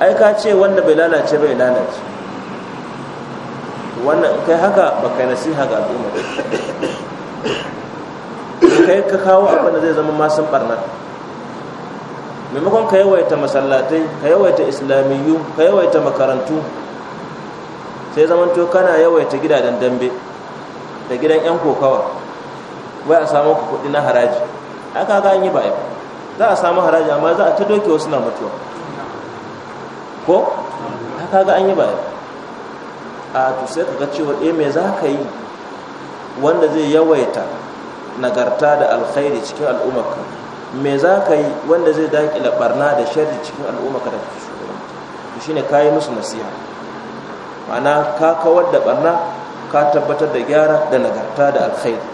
ai ka ce wanda bai lalace bai lalace wannan kai haka ba kai nasiha ga al'umma kai ka kawo abin da zai zama masun barna maimakon ka yawaita masallatai ka yawaita islamiyyu ka yawaita makarantu sai zamanto kana yawaita gidajen dambe da gidan yan kokawa wai a samu kuɗi na haraji aka ga an yi baya za a samu haraji amma za a ta doke wasu na mutuwa ko aka ga an yi baya a to sai ka ga cewa eh me za ka yi wanda zai yawaita nagarta da alkhairi cikin al'ummarka me za ka yi wanda zai daƙila barna da sharri cikin al'umma ka da kake shugabanta shi ne ka yi musu nasiha ma'ana ka kawar da barna ka tabbatar da gyara da nagarta da alkhairi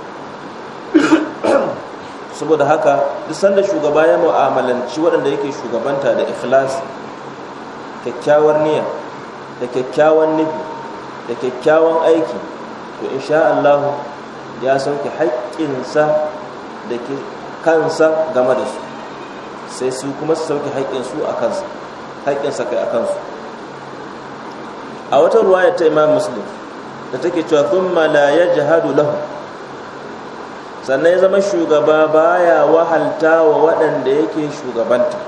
saboda haka duk sanda shugaba ya mu'amalanci waɗanda yake shugabanta da ikhlas kyakkyawar niyya da kyakkyawan nufi da kyakkyawan aiki to insha Allah ya sauke haƙƙinsa da kansa game da su sai su kuma su sauke haƙƙinsu a kansa haƙƙinsa kai a kansu a wata ruwa ta imam muslim da take cewa thumma la yajhadu lahu sannan ya zama shugaba baya wahalta wa waɗanda yake shugabanta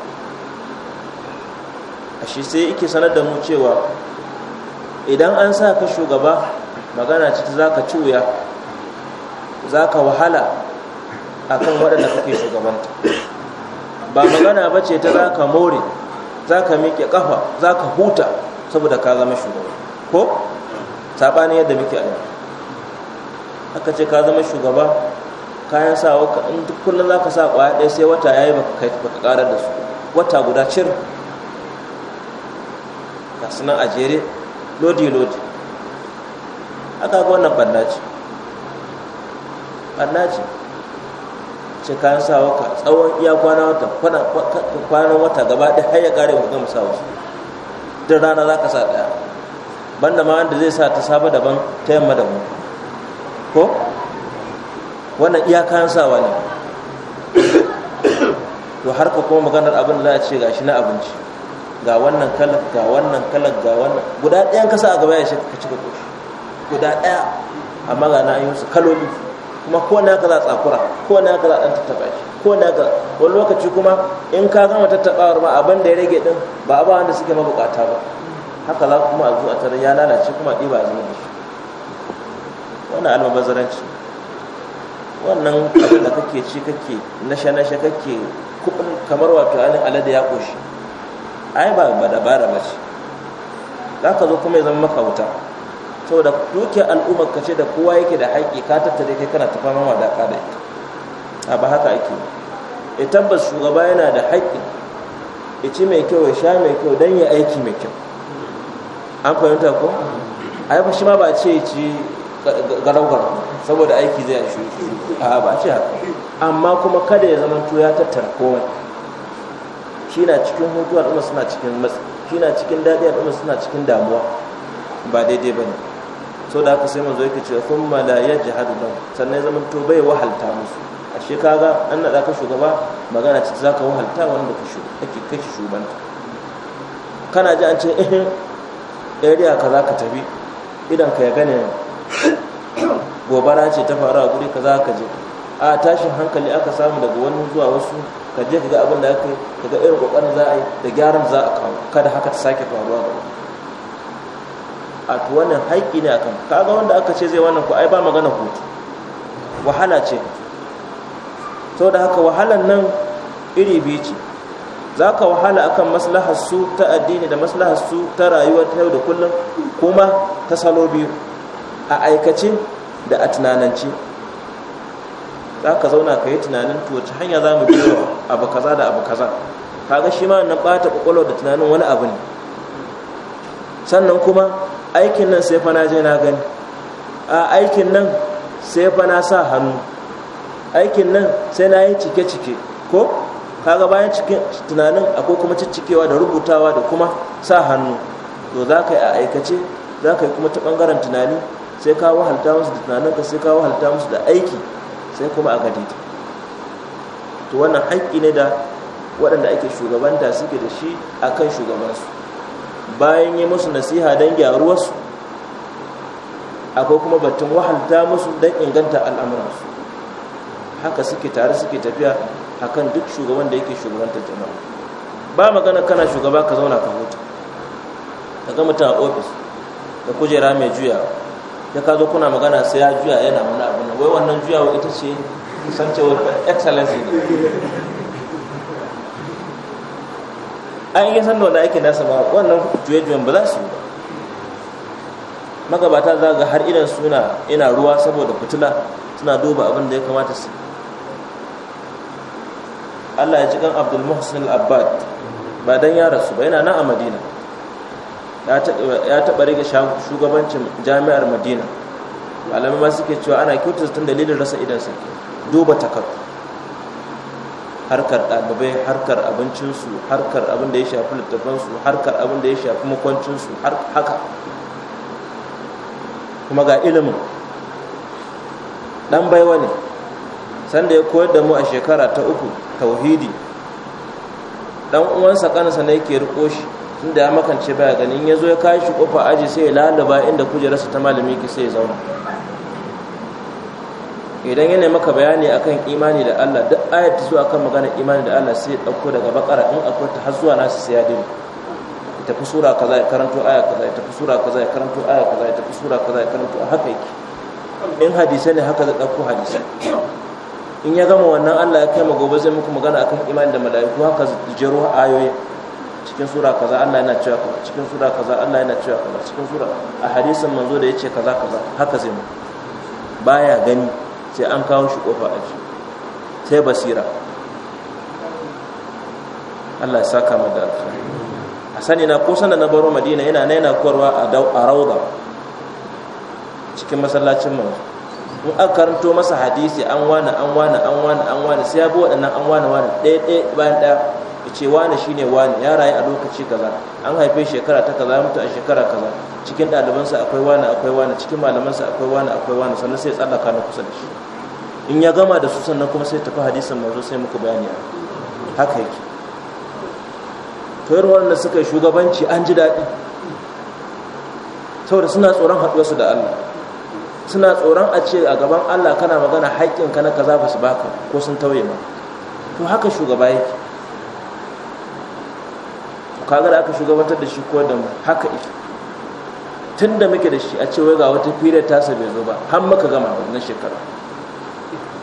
a shi sai yake sanar da mu cewa idan an sa ka shugaba magana ce ta zaka ci wuya zaka wahala akan waɗanda kake shugabanta ba magana ba ce ta za ka more za ka miƙe ƙafa za ka huta saboda ka zama shugaba ko saɓanin yadda muke a yau aka ce ka zama shugaba kayan sawa ka in duk kullum za ka sa ƙwaya ɗaya sai wata ya yi ba ka ƙarar da su wata guda cir ga sunan a jere lodi-lodi aka ga wannan ɓanna ce ce kayan sa waka tsawon iya kwana wata kwanan wata gaba ɗaya har ya ƙare mu gama sa wasu duk rana za ka sa ɗaya banda ma wanda zai sa ta saba daban ta yamma daban ko wannan iya kayan sawa ne to har ka kuma maganar abin da za a ce ga shi na abinci ga wannan kalar ga wannan kalar ga wannan guda ɗayan kasa a gaba ya shi ka cika ƙoshi guda ɗaya amma ga na yi musu kaloli kuma ko na ga za tsakura ko na ga za dan tattaba shi ko na ga wani lokaci kuma in ka gama tattabawar ma abin da ya rage din ba a ba wanda suke mabukata ba haka za kuma a zo a tarar ya lalace kuma ɗiba a zama da shi wannan almabazaranci wannan abin da kake ci kake nashe-nashe kake kuɗin kamar wato ainihin alade ya ƙoshi ai ba dabara ba ce za ka zo kuma ya zama maka wuta saboda dukiyar al'ummar ka ce da kowa yake da haƙi ka tattare kai kana tafa mama da ka da ita a ba haka ake ya e, tabbas shugaba yana da haƙi ya ci mai kyau ya sha mai kyau don ya aiki mai kyau an fahimta ko a yi fashi ma ba ce ci garau-garau saboda aiki zai shi a ba ce haka amma kuma kada ya zama ya tattara komai shi na cikin hutu al'umma suna cikin matsi shi na cikin daɗi al'umma suna cikin damuwa ba daidai ba ne sau da aka sai manzo yake cewa kun ya la yajhadu lahu sannan zaman to bai wahalta musu ashe kaga an nada ka shugaba magana ce zaka wahalta wanda ka shugaba kake kake shugabanta kana ji an ce eh area kaza ka tafi idan ka ya gane gobara ce ta faru a guri kaza ka je a tashin hankali aka samu daga wani zuwa wasu ka je ka ga abin da aka yi ka ga irin kokarin za a yi da gyaran za a kawo kada haka ta sake faruwa ba a wannan haƙƙi ne akan kaga wanda aka ce zai wannan ku ai ba magana hutu wahala ce da haka wahalan nan iri biyu ce za ka wahala akan maslahar su ta addini da maslahar su ta rayuwar ta yau da kullum kuma ta salo biyu a aikace da a tunanance za ka zauna ka yi tunanin to hanya za mu biyo abu kaza da abu kaza kaga shi ma nan ɓata kwakwalwa da tunanin wani abu ne sannan kuma aikin nan sai fa na je na gani a aikin nan sai fa na sa hannu aikin nan sai na yi cike-cike ko kaga bayan cikin tunanin akwai kuma cikewa da rubutawa da kuma sa hannu to za ka yi a aikace za ka yi kuma ta ɓangaren tunani sai ka wahalta musu da tunaninka sai ka wahalta musu da aiki sai kuma a gadita to wannan haƙƙi ne da waɗanda ake shugabanta suke da shi a kan shugabansu bayan yi musu nasiha don gyaruwarsu akwai kuma batun wahalta musu don inganta al'amuransu haka suke tare suke tafiya a kan duk shugaban da yake shugabantar jama'a ba magana kana shugaba ka zauna ka huta ka ga mutum a ofis da kujera mai juya ya ka zo kuna magana sai ya juya yana wani abu wai wannan juyawa ita ce kusancewar excellence ne an yi san da wanda ake nasa ba wannan juye-juyen ba za su yi ba magabata za ga har idan suna ina ruwa saboda fitila suna duba abin da ya kamata su Allah ya ji kan Abdul Muhsin al-Abbad ba dan ya rasu ba yana nan a Madina ya taɓa rage shugabancin jami'ar Madina malamai ma suke cewa ana kyautata tun dalilin rasa idan sarki duba takardu harkar ɗalibai harkar abincinsu harkar abin da ya shafi littafansu harkar abin da ya shafi makwancinsu har haka kuma ga ilimin ɗan baiwa ne sanda ya koyar da mu a shekara ta uku tauhidi ɗan uwansa kansa ne yake riko shi inda ya makance baya ganin ya zo ya kashi kofa aji sai ya lalaba inda kujerarsa ta malami ki sai ya zauna idan yana maka bayani akan imani da Allah duk ayat ta zuwa akan magana imani da Allah sai dauko daga bakara in akwai ta har zuwa nasu sai ya dinu ita fi sura kaza ya karanto aya kaza ita fi sura kaza ya karanto aya kaza ita fi sura kaza ya karanto a haka yake in hadisai ne haka zai dauko hadisai in ya gama wannan Allah ya kai mu gobe zai muku magana akan imani da mala'iku haka jero ayoyin cikin sura kaza Allah yana cewa kaza cikin sura kaza Allah yana cewa kaza cikin sura a hadisin manzo da yace kaza kaza haka zai mu baya gani sai an kawo shi kofa aji sai basira Allah ya saka mu da alkhairi a sani na ko sanan na baro Madina yana na yana korwa a rauda cikin masallacin mu in aka karanto masa hadisi an wani an wani an wani an wani sai ya bi waɗannan an wani wani ɗaya ɗaya bayan ɗaya ya ce wani shine wani ya rayu a lokaci kaza an haife shekara ta kaza mutu a shekara kaza cikin ɗalibansa akwai wani akwai wani cikin malamansa akwai wani akwai wani sannan sai ya tsallaka na kusa da shi in ya gama da su sannan kuma sai tafi hadisin manzo sai muku bayani haka yake to wanda suka yi shugabanci an ji daɗi saboda suna tsoron haɗuwarsu da Allah suna tsoron a ce a gaban Allah kana magana haƙƙinka na kaza ba su baka ko sun tauye ma to haka shugaba yake kaga da aka shugabantar da shi ko da haka ita tun da muke da shi a ce wai ga wata firar tasa bai zo ba har maka gama wannan shekara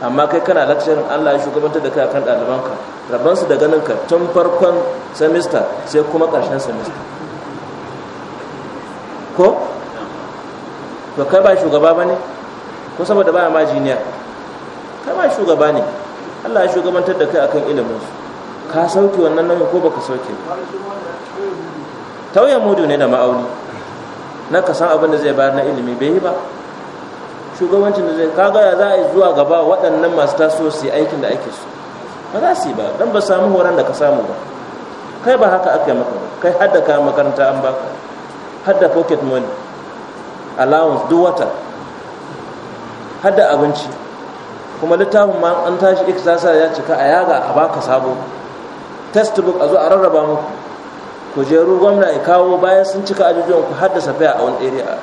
amma kai kana lakcin Allah ya shugabantar da kai akan ɗalibanka rabansu da ganin ka tun farkon semester sai kuma ƙarshen semester ko to kai ba shugaba ba ne ko saboda ba ma jiniya kai ba shugaba ne Allah ya shugabantar da kai akan ilimin su ka sauke wannan nan ko baka sauke ba tauyen mudu ne da ma'auni na ka san abin da zai bayar na ilimi bai yi ba shugabancin da zai kaga za a zuwa gaba waɗannan masu taso su yi aikin da ake so ba za su yi ba don ba samu horon da ka samu ba kai ba haka aka yi maka kai hadda kayan makaranta an baka hadda pocket money allowance duk wata hadda abinci kuma littafin ma an tashi iksasa ya cika a yaga a baka sabo textbook a zo a rarraba muku kujeru gwamna ya kawo bayan sun cika ajujuwan ku haddasa faya a wani area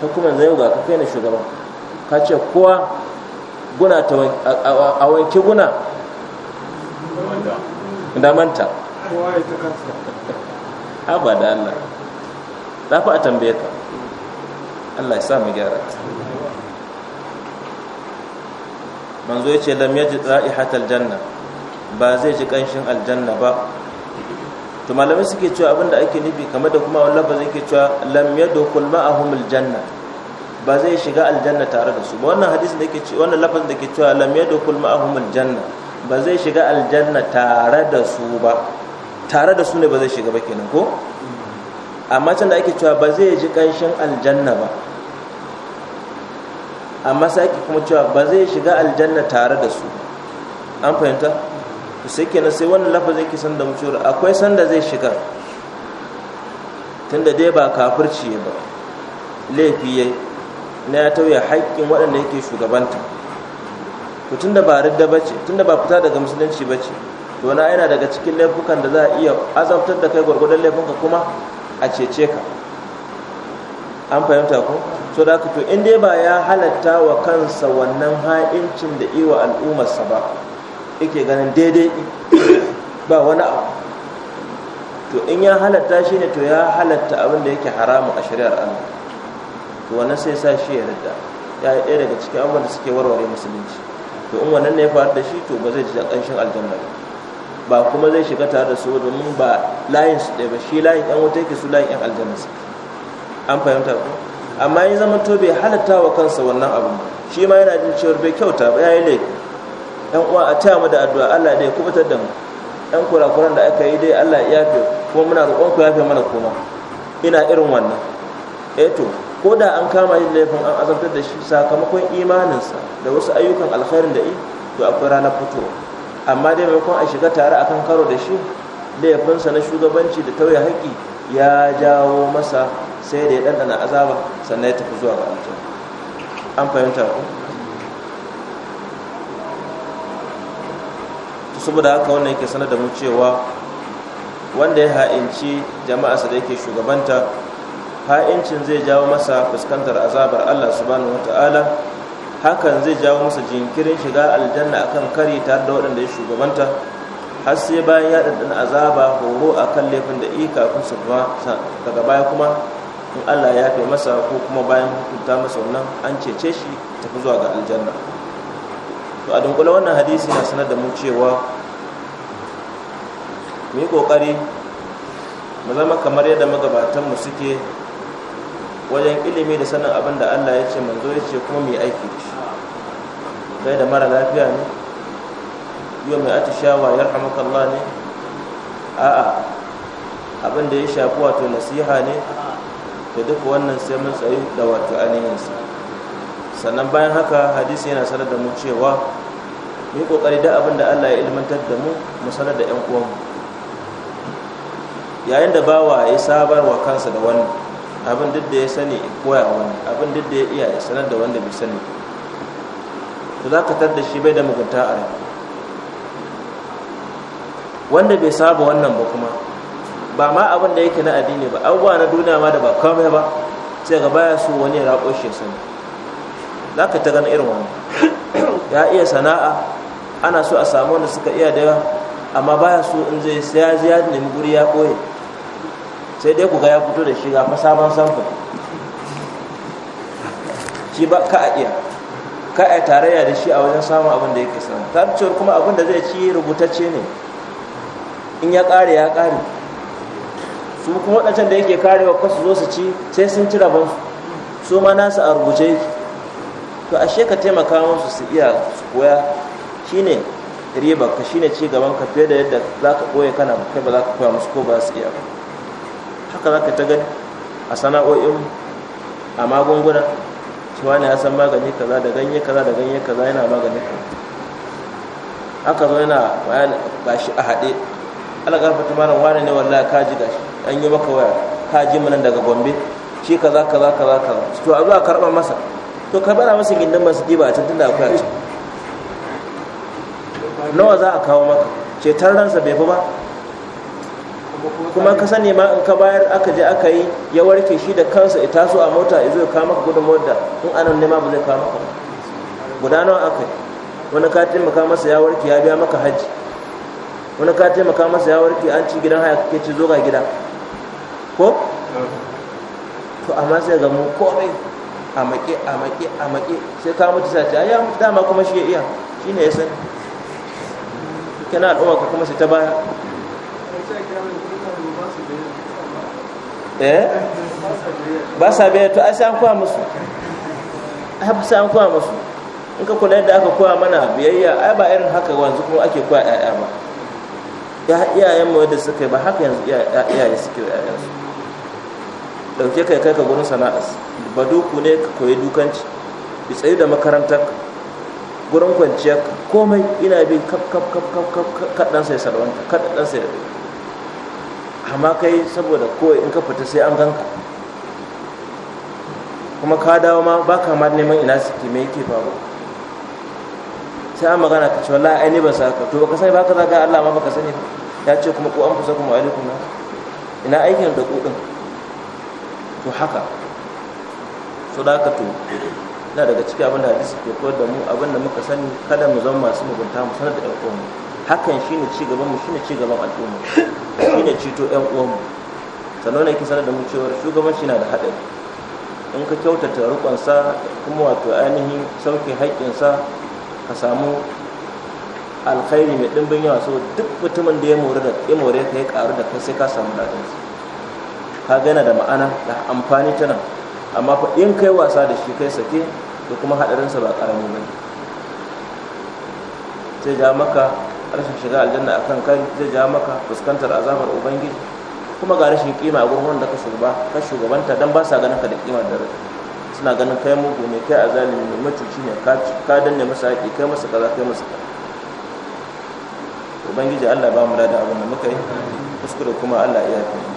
kai kuma zai ga ka kai ne shugaban ka ce kowa guna ta a wanke guna da manta haba da Allah za fa a tambaye ka Allah ya sa mu gyara manzo ya ce lam yajid ra'ihatal janna ba zai ji kanshin aljanna ba to malamai suke cewa abin da ake nufi kamar da kuma wallafa zai ke cewa lam a ma'ahum aljanna ba zai shiga aljanna tare da su ba wannan hadisi da ke cewa wannan lafazin da ke cewa lam a ma'ahum aljanna ba zai shiga aljanna tare da su ba tare da su ne ba zai shiga ba kenan ko amma can da ake cewa ba zai ji kanshin aljanna ba amma sai kuma cewa ba zai shiga aljanna tare da su an fahimta to sai kenan sai wannan lafazin yake sanda mutuwar akwai sanda zai shiga tunda dai ba kafirci ba laifi yayi na ya tauye haƙƙin waɗanda yake shugabanta to tunda ba ridda bace tunda ba fita daga musulunci bace to na yana daga cikin laifukan da za a iya azabtar da kai gwargwadon laifinka kuma a cece ka an fahimta ku. so da to in dai ba ya halatta wa kansa wannan ha'incin da iwa al'ummarsa ba yake ganin daidai ba wani abu to in ya halatta shi ne to ya halatta abin da yake haramun a shari'ar Allah to wannan sai sa shi ya rida ya yi ɗaya daga cikin abubuwan da suke warware musulunci to in wannan ne ya faru da shi to ba zai ji ƙanshin aljanna ba kuma zai shiga tare da su domin ba layin su ɗaya ba shi layin ɗan wuta yake su layin ɗan aljanna su an fahimta ko amma ya zama to bai halatta wa kansa wannan abu shi ma yana jin cewa bai kyauta ba ya yi laifi yan uwa a taya mu da addu'a Allah dai kubutar da mu yan kurakuran da aka yi dai Allah ya yafe kuma muna roƙon ku yafe mana koma ina irin wannan eh to ko da an kama yin laifin an azabtar da shi sakamakon imaninsa da wasu ayyukan alkhairin da yi to akwai ranar fito amma dai maimakon a shiga tare akan karo da shi laifinsa na shugabanci da tauye haƙƙi ya jawo masa sai da ya ɗanɗana azaba sannan ya tafi zuwa ga an fahimta ku saboda haka wannan yake sanar da mu cewa wanda ya ha'inci jama'arsa da yake shugabanta ha'incin zai jawo masa fuskantar azabar Allah subhanahu wata'ala hakan zai jawo masa jinkirin shiga aljanna akan kari tare da waɗanda ya shugabanta har sai bayan ya ɗanɗana azaba horo akan laifin da iya kafin su daga baya kuma in Allah ya fi masa ko kuma bayan hukunta masa wannan an cece shi tafi zuwa ga aljanna to a dunkula wannan hadisi na sanar da mu cewa mu yi mu zama kamar yadda mu suke wajen ilimi da sanin abin da allah ya ce manzo ya ce kuma mu aiki da shi kai da mara lafiya ne yau mai atishawa ya rahamakallah ne a'a abin da ya shafi wato nasiha ne da duk wannan sai mun tsayi da wato ainihinsa sannan bayan haka hadisi yana sanar da mu cewa mu yi kokari da abin da Allah ya ilmantar da mu mu sanar da ƴan uwanmu yayin da bawa ya sabar wa kansa da wani abin duk da ya sani ya koya wani abin duk da ya iya ya sanar da wanda bai sani to za ka tar da shi bai da mugunta a rai wanda bai saba wannan ba kuma ba ma abin da yake na addini ba abubuwa na duniya ma da ba kamai ba sai ga baya so wani ya raƙo shi ya sani za ka ta gani irin wani ya iya sana'a ana so a samu wanda suka iya da yawa amma baya so in zai sai ya ji ya nemi guri ya koye sai dai ku ga ya fito da shi ga sabon samfur shi ba ka a iya ka a tarayya da shi a wajen samun abin da yake samu ta cewar kuma abin da zai ci rubutacce ne in ya ƙare ya ƙare su kuma waɗancan da yake karewa kwasu zo su ci sai sun ci rabonsu su ma nasu a rubuce yake to ashe ka taimaka musu su iya su koya shine riba ka shine ci gaban ka fiye da yadda za ka koya kana kai ba za ka koya musu ko ba su iya haka za ka ta gani a sana'o'in a magunguna cewa ne ya san magani kaza da ganye kaza da ganye kaza yana magani aka zo yana bayan gashi a haɗe ala karfata malam wani ne wallahi ka ji gashi an yi maka waya ka ji mu nan daga gombe shi kaza kaza kaza kaza to a zuwa karɓar masa to ka bara masa gindin masu ba a cikin tunda akwai a can nawa za a kawo maka cetar ransa bai fi ba kuma ka sani ma in ka bayar aka je aka yi ya warke shi da kansa ita su a mota izo zo ya kawo maka gudun da in anan nema ba zai kawo maka guda nawa aka yi wani ka taimaka masa ya warke ya biya maka hajji wani ka taimaka masa ya warke an ci gidan haya kake ci zo ga gida ko to amma sai ga mu komai a maƙe a maƙe a maƙe sai ka mutu sa ta ya mutu dama kuma shi ya iya shi ne ya san kana al'umma ka kuma su ta baya eh ba sa biya to ai sai an koya musu ai sai an kuwa musu in ka kula yadda aka kuwa mana biyayya ai ba irin haka wanzu kuma ake kuwa 'ya'ya ba 'ya'ya mu yadda suka yi ba haka yanzu iyaye suke ƴaƴansu dauke kai kai ka gurin sana'as ba duku ne ka koyi dukanci bi tsayi da makarantar gurin kwanciya komai ina bi kaf kaf kaf kaf kap kaɗan sai salwanta kaɗan sai amma kai saboda kowai in ka fita sai an ganka kuma ka dawo ma ba ka ma neman ina suke me yake faru sai an magana ka ce wallahi ai ne ba sa to baka sani baka zaga Allah ma baka sani ya ce kuma ku an fusa kuma alaikum ina aikin da kudin to haka so da haka to na daga ciki abin da hadisi ke koyar da mu abin da muka sani kada mu zama masu mugunta mu sanar da ƴan uwanmu hakan shine ci gaban mu shine ci gaban al'umma shine cito ƴan uwanmu sannan ne ke sanar da mu cewa shugabanci na da haɗari in ka kyautata rukunsa kuma wato ainihin sauke haƙƙinsa ka samu alkhairi mai ɗimbin yawa so duk mutumin da ya more ka ya ƙaru da kai sai ka samu daɗinsa ka gana da ma'ana da amfani ta nan amma fa in kai wasa da shi kai sake da kuma haɗarinsa ba ƙarami ba zai ja maka rashin shiga aljanna a kan kai zai ja maka fuskantar azabar ubangiji kuma ga rashin kima a gurin wanda ka shugaba ka shugabanta dan ba sa ganin ka da kima da suna ganin kai mugu ne kai azalimi ne macuci ne ka danne masa haƙi kai masa kaza kai masa kaza ubangiji Allah ba mu da abin da muka yi kuskure kuma Allah ya fi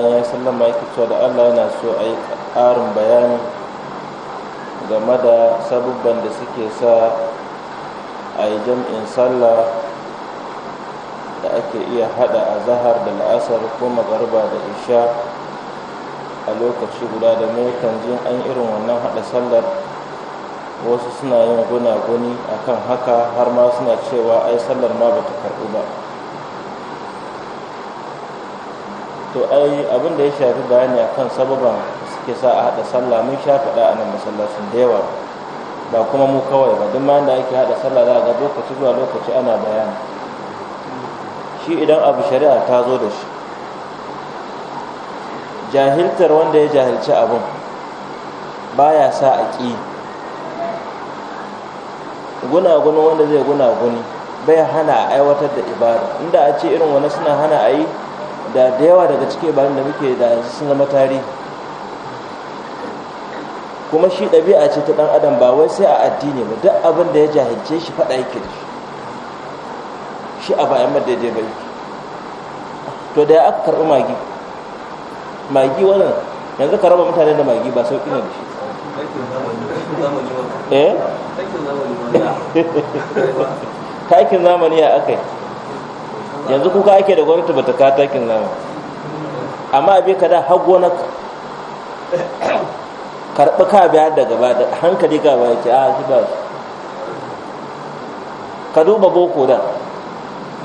bayan ya ma yake cewa da Allah yana so a yi ƙarin bayani game da sabubban da suke sa a yi jam'in sallah da ake iya hada a zahar da la'asar ko magarba da isha a lokaci guda da kan jin an irin wannan hada sallar wasu suna yin gunaguni akan haka har ma suna cewa ai sallar ma bata karɓu ba to ai abin da ya shafi bayani akan sababan suke sa a haɗa sallah mun sha faɗa a nan masallacin da yawa ba kuma mu kawai ba duk da ake haɗa sallah za a ga lokaci zuwa lokaci ana bayani shi idan abu shari'a ta zo da shi jahiltar wanda ya jahilci abin baya sa a ƙi gunagunin wanda zai gunaguni bai hana a aiwatar da ibada inda a ce irin wani suna hana a yi da da yawa daga cikin ibarin da muke da yanzu sun zama tarihi kuma shi ɗabi'a ce ta ɗan adam ba wai sai a addini ba duk abin da ya jahilce shi faɗa yake da shi shi a bayan madaidai ba yake to da ya aka karɓi magi magi wannan yanzu ka raba mutane da magi ba sauƙi ne da shi eh takin zamani ya aka yi yanzu kuka ake da gwamnati bata kawo takin zamani amma abin ka da har na karɓi ka biya da gaba da hankali ka ba yake a ah, shi ba su ka duba boko da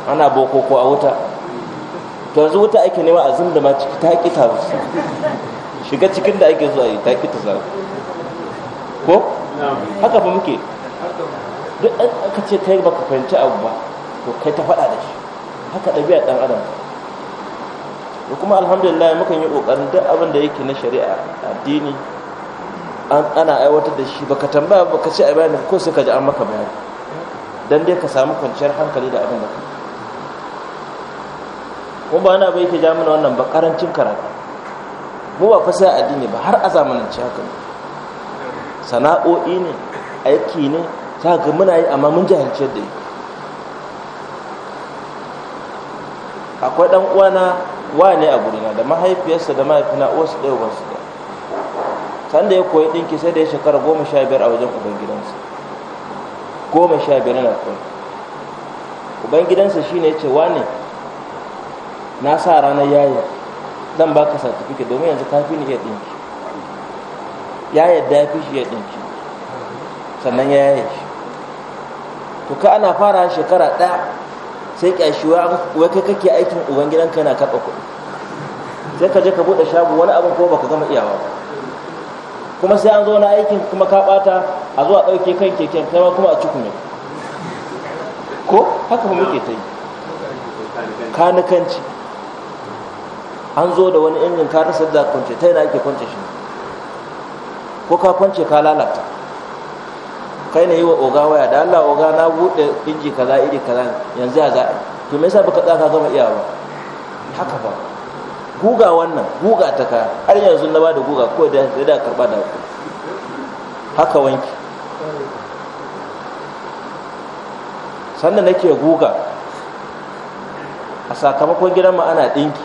ana boko ko a wuta to yanzu wuta ake nema a zunda ma ciki ta haƙi ta shiga cikin da ake zuwa yi ta ƙi ta samu ko haka fa muke duk an aka ce yi baka fahimci abu ba to kai ta faɗa da shi haka ɗabi'a ɗan adam da kuma alhamdulillah mukan yi ƙoƙarin duk abin da yake na shari'a addini ana aiwatar da shi baka tambaya baka ce a bayani ko sai ka ji an maka bayani dan dai ka samu kwanciyar hankali da abin da ka kuma ba na bai ke ja mana wannan ba karancin karatu mu ba fasa addini ba har a zamanance haka ne sana'o'i ne aiki ne za ga muna yi amma mun jahilciyar da yake akwai dan uwana wane a gurina da mahaifiyarsa da mahaifina wasu ɗaya wasu ɗaya sanda ya koyi ɗinki sai da ya shekara goma sha biyar a wajen ubangidansa goma sha biyar na koyi ubangidansa shi ya ce wane na sa ranar yayin zan baka satifiket domin yanzu kafi ni iya ɗinki ya yadda ya fi shi ya ɗinki sannan ya yaye shi to ka ana fara shekara ɗaya sai kyashi wai kai kake aikin ubangidan gidanka yana karɓa kuɗi sai ka je ka buɗe shago wani abin ko baka gama iyawa ba kuma sai an zo na aikin kuma ka ɓata a zuwa ɗauke kan keken kai kuma a cikume ko haka kuma muke ta yi kanikanci an zo da wani injin ka rasa da kwance ta yana ake kwance shi ko ka kwance ka lalata kai ne yi wa oga waya da Allah oga na bude inji kaza iri kaza yanzu ya za to me yasa baka tsaya ka gama iya ba haka ba guga wannan guga ta ka har yanzu na bada guga ko da da karba da ku haka wanki sannan nake guga a sakamakon gidan ana dinki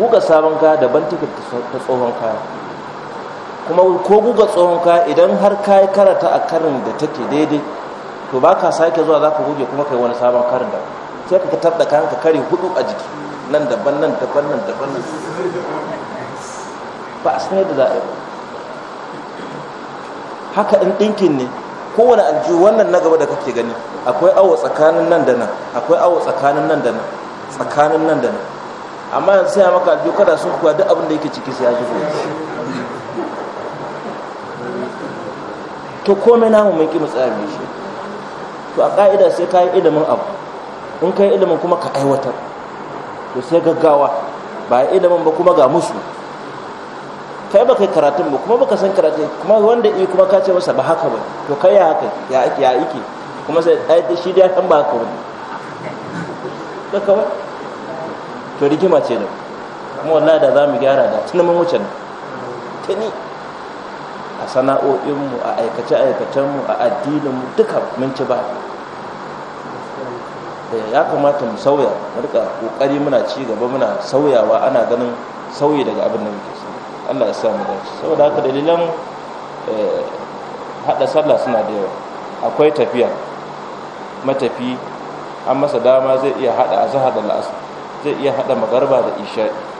guga sabon kaya daban tikin ta tsohon kaya kuma ko guga tsohon ka idan har ka yi karata a karin da take daidai to ba ka sake zuwa za ka goge kuma kai wani sabon karin da sai ka tabda kayan ka kare hudu a jiki nan daban nan daban nan daban nan ba a sanar da za'a yi haka in ɗinkin ne kowane aljihu wannan na gaba da kake gani akwai awo tsakanin nan da nan akwai awo tsakanin nan da nan tsakanin nan da nan amma yanzu sai maka aljihu kada sun kuwa duk abin da yake ciki sai ya zubo to komai namu mun ki mu tsaya shi to a ka'ida sai ka yi ilimin abu in ka yi ilimin kuma ka aiwatar to sai gaggawa ba yi ilimin ba kuma ga musu kai ba kai karatun ba kuma baka san karatun kuma wanda yi kuma ka ce masa ba haka ba to kai ya haka ya ake ya ake kuma sai da shi da san ba haka ba da kawai to rigima ce da kuma wallahi da za mu gyara da tunamin ta tuni a sana'o'inmu a aikace aikacen mu, a addininmu duka mun ci ba eh, ya kamata mu sauya rika kokari muna ci gaba muna sauyawa ana ganin sauyi daga abin da muke so Allah ya sa mu dace saboda haka dalilan eh, hada sallah suna da yawa akwai tafiya matafi an masa dama zai iya hada azhar da la'asar zai iya hada magarba da isha'i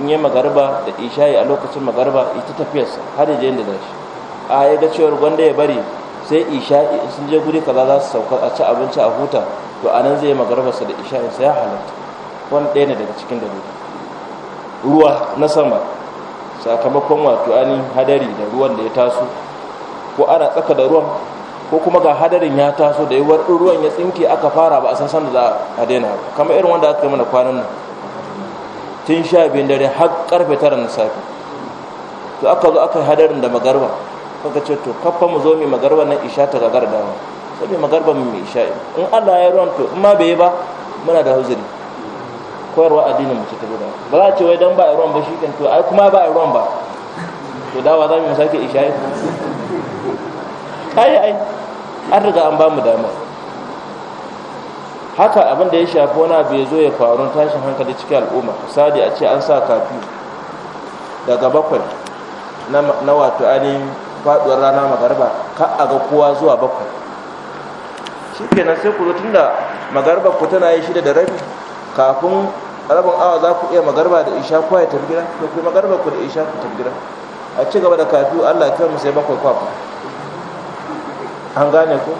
in yi magarba da isha'i a lokacin magarba ita tafiyarsa har yaje da zai a ya ga cewar gwanda ya bari sai isha'i sun je guri kaza za su sauka a ci abinci a huta to a nan zai yi sa da isha'i sai ya halatta wani ɗaya ne daga cikin da ruwa na sama sakamakon wato ainihin hadari da ruwan da ya taso ko ana tsaka da ruwan ko kuma ga hadarin ya taso da yawar ruwan ya tsinke aka fara ba a san sanda za a daina kama irin wanda aka yi mana kwanan nan tun sha biyun dare har karfe tara na safe to aka zo aka hadarin da magarba kuka ce to kafa mu zo mai magarba na isha ta gagar dawa sabi magarba mu mai isha in Allah ya ruwan to in ma bai yi ba muna da huzuri koyarwa addinin mu ce ta gudanar ba za a ce wai dan ba a ruwan ba shi kan to ai kuma ba a ruwan ba to dawa za mu sake isha ai ai an riga an ba mu damar haka abin da ya shafi wani abu ya zo ya faru tashin hankali cikin al'umma misali a ce an sa kafi daga bakwai na wato ainihin faduwar rana magarba ka a ga kowa zuwa bakwai shi kenan sai ku zo tun da magarba ku tana yi shida da rabi kafin rabin awa za ku iya magarba da isha kuwa ya tafi gida ko kuma magarba ku da isha ku tafi gida a ci gaba da kafi allah ya mu sai bakwai kwafa an gane ku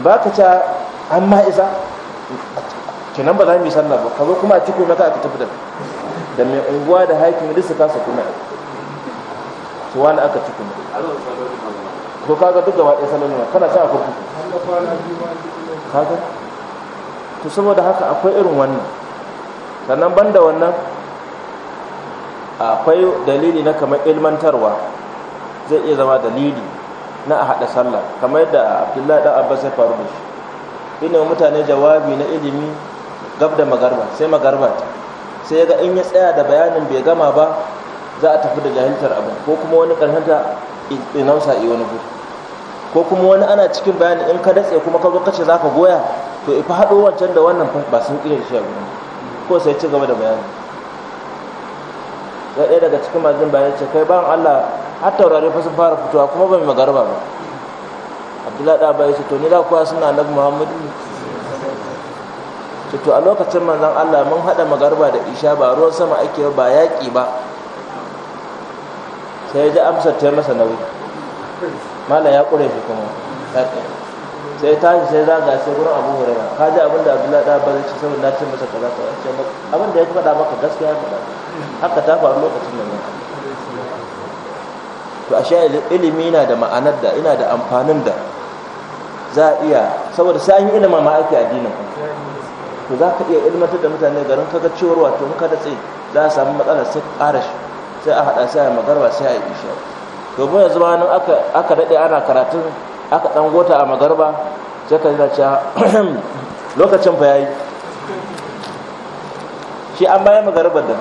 ba ka ca an ma isa kenan ba za mu yi sallah ba ka zo kuma a cikin ta a tafi da da mai unguwa da haifin duk su kasa kuma su wani aka ne ko kaga duk gaba ɗaya salon yana kana ta a kurkuku kaga to saboda haka akwai irin wannan sannan ban da wannan akwai dalili na kamar ilmantarwa zai iya zama dalili na a haɗa sallah kamar yadda abdullahi ɗan abbas ya faru da shi ina mutane jawabi na ilimi gab da magarba sai magarba sai ga in ya tsaya da bayanin bai gama ba za a tafi da jahiltar abin ko kuma wani karhanta inausa i wani gudu ko kuma wani ana cikin bayanin in ka datse kuma ka zo kace zaka goya to ifa hado wancan da wannan ba sun kire shi a gurin ko sai ci gaba da bayani ga ɗaya daga cikin mazin bayan ce kai ban Allah har taurari fa sun fara fitowa kuma ba mai magarba ba abdullahi da bai ce to ni da kuwa suna na muhammadu ne to a lokacin manzan Allah mun hada magarba da isha ba ruwan sama ake ba yaƙi ba sai ji amsar ta masa nauyi Malam ya ƙure shi kuma sai ta shi sai zaga sai gurin abu hurera ka ji abin da abdullahi da ba ce saboda na ce masa kaza kaza ce abin da ya faɗa maka gaskiya faɗa haka ta faru lokacin da ne to ashe ilimi na da ma'anar da ina da amfanin da za a iya saboda sai an yi ilimin ma ake addinin to za ka iya ilmantar da mutane garin kaga cewar wato in ka datse za a samu matsalar sai ƙara shi sai a haɗa sai a magarba sai a yi isha domin yanzu ma nan aka daɗe ana karatun aka ɗan gota a magarba sai ka yana cewa lokacin fa yayi shi an bayan magarbar da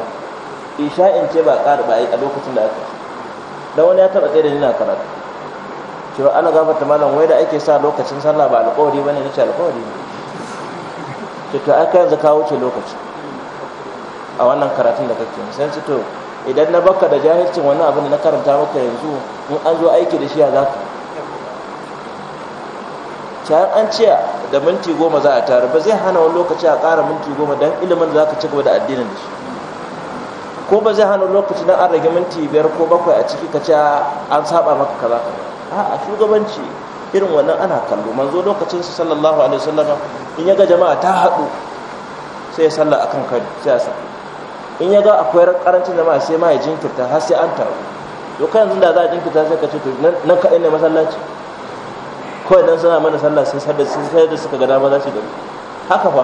isha'in ce ba ƙara ba a lokacin da aka dan wani ya taɓa tsaye da yana karatu cewa ana gafarta malam wai da ake sa lokacin sallah ba alƙawari bane ce alƙawari ne to aka yanzu ka wuce lokaci a wannan karatun da kake sai ce to idan na baka da jahilcin wannan abin da na karanta maka yanzu in an zo aiki da shi ya zaka can an ce da minti goma za a tare ba zai hana wani lokaci a ƙara minti goma don ilimin za ka ci gaba da addinin da shi ko ba zai hana lokaci don an rage minti biyar ko bakwai a ciki ka ce an saba maka kaza kaza a'a shugabanci irin wannan ana kallo manzo lokacin su sallallahu alaihi wasallam in yaga jama'a ta haɗu sai ya salla akan kan sai ya sa in yaga akwai karancin jama'a sai ma ya jinkirta har sai an taru to kai yanzu da za a jinkirta sai ka ce to nan kaɗai ne masallaci kawai idan suna mana sallah sai sai da suka ga dama za su gari haka fa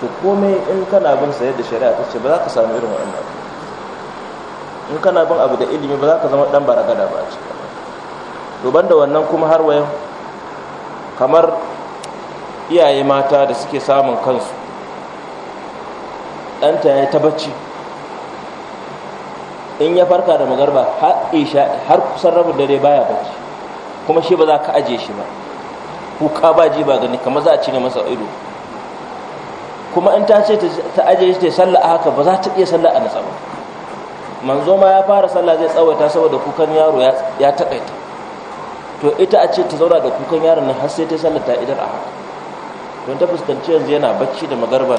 to komai in kana bin sayar da shari'a ta ce ba za ka samu irin wannan in kana bin abu da ilimi ba za ka zama dan baragada ba a cikin to da wannan kuma har wayan kamar iyaye mata da suke samun kansu ɗanta ya ta tabbaci in ya farka da magarba har har kusan rabin dare baya bacci kuma shi ba za ka aje shi ba kuka ba ji ba gani kamar za a cire masa ido kuma in ta ce ta aje shi ta sallah a haka ba za ta iya sallah a nasa ba manzo ma ya fara sallah zai tsawaita saboda kukan yaro ya taƙaita to ita a ce ta zauna da kukan yaron nan har sai ta sallar ta idan a haka don ta fuskanci yanzu yana bacci da magarban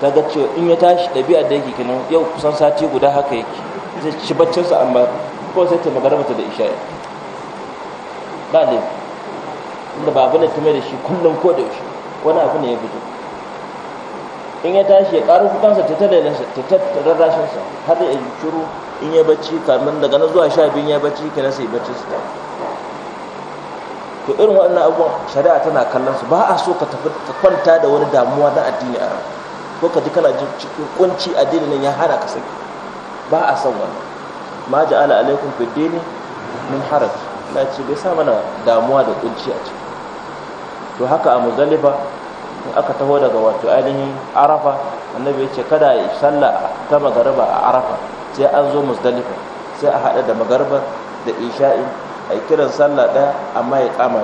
ta ga cewa in ya tashi ɗabi'a da yake kenan yau kusan sati guda haka yake zai ci baccinsa amma ko sai ta magarba ta da isha'i ba ne inda ba abu ne ta mai da shi kullum ko da yaushe wani abu ne ya fito in ya tashi ya ƙaru kukansa ta tattara rashinsa har da ya shuru in ya bacci kamin daga na zuwa sha biyun ya bacci na sai bacci su ta to irin wannan abubuwan shari'a tana kallon su ba a so ka tafi ka kwanta da wani damuwa na addini a ko ka ji kana jin cikin kunci addini nan ya hana ka saki ba a son wannan ma ja'ala alaikum dini min haraj na ce bai sa mana damuwa da kunci a ciki to haka a muzalifa in aka taho daga wato ainihin arafa annabi ya ce kada ya sallah ta magariba a arafa sai an zo musdalifa sai a haɗa da magarba da isha'i a yi kiran sallah ɗaya amma ya kama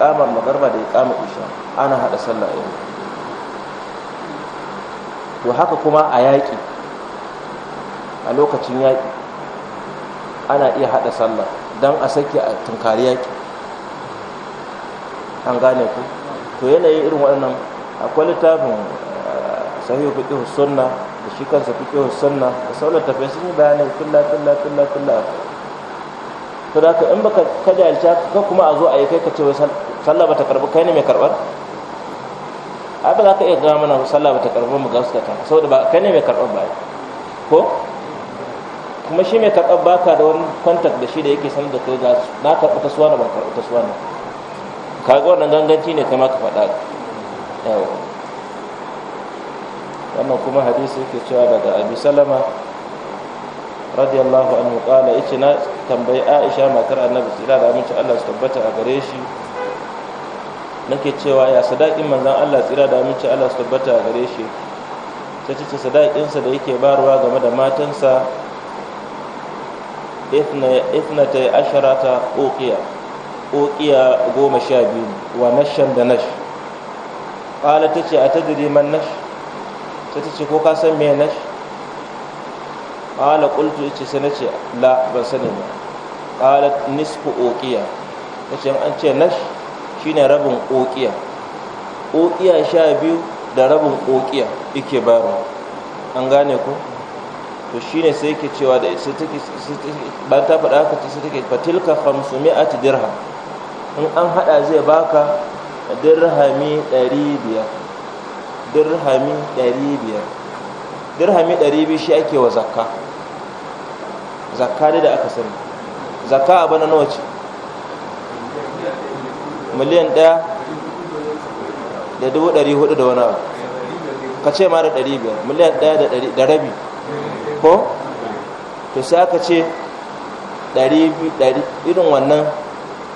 ƙama magarba da ƙama isha ana haɗa sallah ɗaya to haka kuma a yaƙi a lokacin yaƙi ana iya haɗa sallah don a sake a tunkari yaƙi an gane ku to yanayi irin waɗannan akwai littafin eh, sahihu fiqh sunna da shi kansa fiqh sunna da saunar tafiya sun yi bayanai kulla kulla kulla kulla to da ka in baka ka jahilci ka kuma a zo a yi kai ka ce wai sallah bata karbi kai ne mai karbar ai ba za ka iya gama mana sallah bata karbi mu gaskata saboda ba kai ne mai karbar ba ko kuma shi mai karɓar baka da wani kwantar da shi da yake sanar da kai ga na karɓi ta suwana ban karɓi ta suwana kaga wannan ganganci ne kai ma ka faɗa yawa wannan kuma hadisi yake cewa daga abu salama radiyallahu anhu kala yace na tambayi aisha matar annabi tsira da aminci allah su tabbata a gare shi nake cewa ya sadakin manzan allah tsira da aminci allah su tabbata a gare shi ta ce sadaƙinsa da yake barwa game da matansa yi ya asharata ƙoƙiya ƙoƙiya goma sha biyu wa nashan da nash ƙala ta ce a tadiri man nash sai ta ce ko ka san me nash qala qultu ce sai nace la ban sani ba qala nisfu uqiya kace an ce nash shine rabin uqiya uqiya sha biyu da rabin uqiya yake baro. an gane ko to shine sai yake cewa da sai take ba ta faɗa haka sai take fatilka 500 dirham in an hada zai baka dirhami biyar. dirhami 500 dirhami 200 shi ake wa zakka zakka da aka sani zakka a bana nawa ce miliyan 1 da 400 da wani ka ce ma da 500 miliyan 1 da rabi ko to sai aka ce irin wannan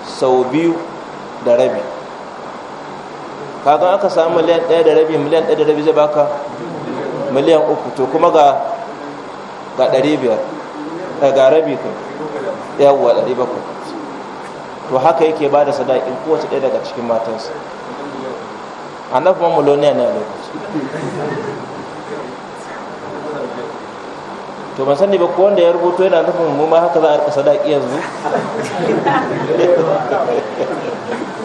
sau biyu da rabi kaga aka samu miliyan ɗaya da rabi miliyan ɗaya da rabi zai baka miliyan uku to kuma ga ga ɗari biyar eh, ga rabi kan yawwa ɗari bakwai to haka yake ba da sadaƙin kowace ɗaya daga cikin matansa annabi ma muloniya ne a lokaci to ban sani ba ko wanda ya rubuto yana nufin mu ma haka za a sadaki yanzu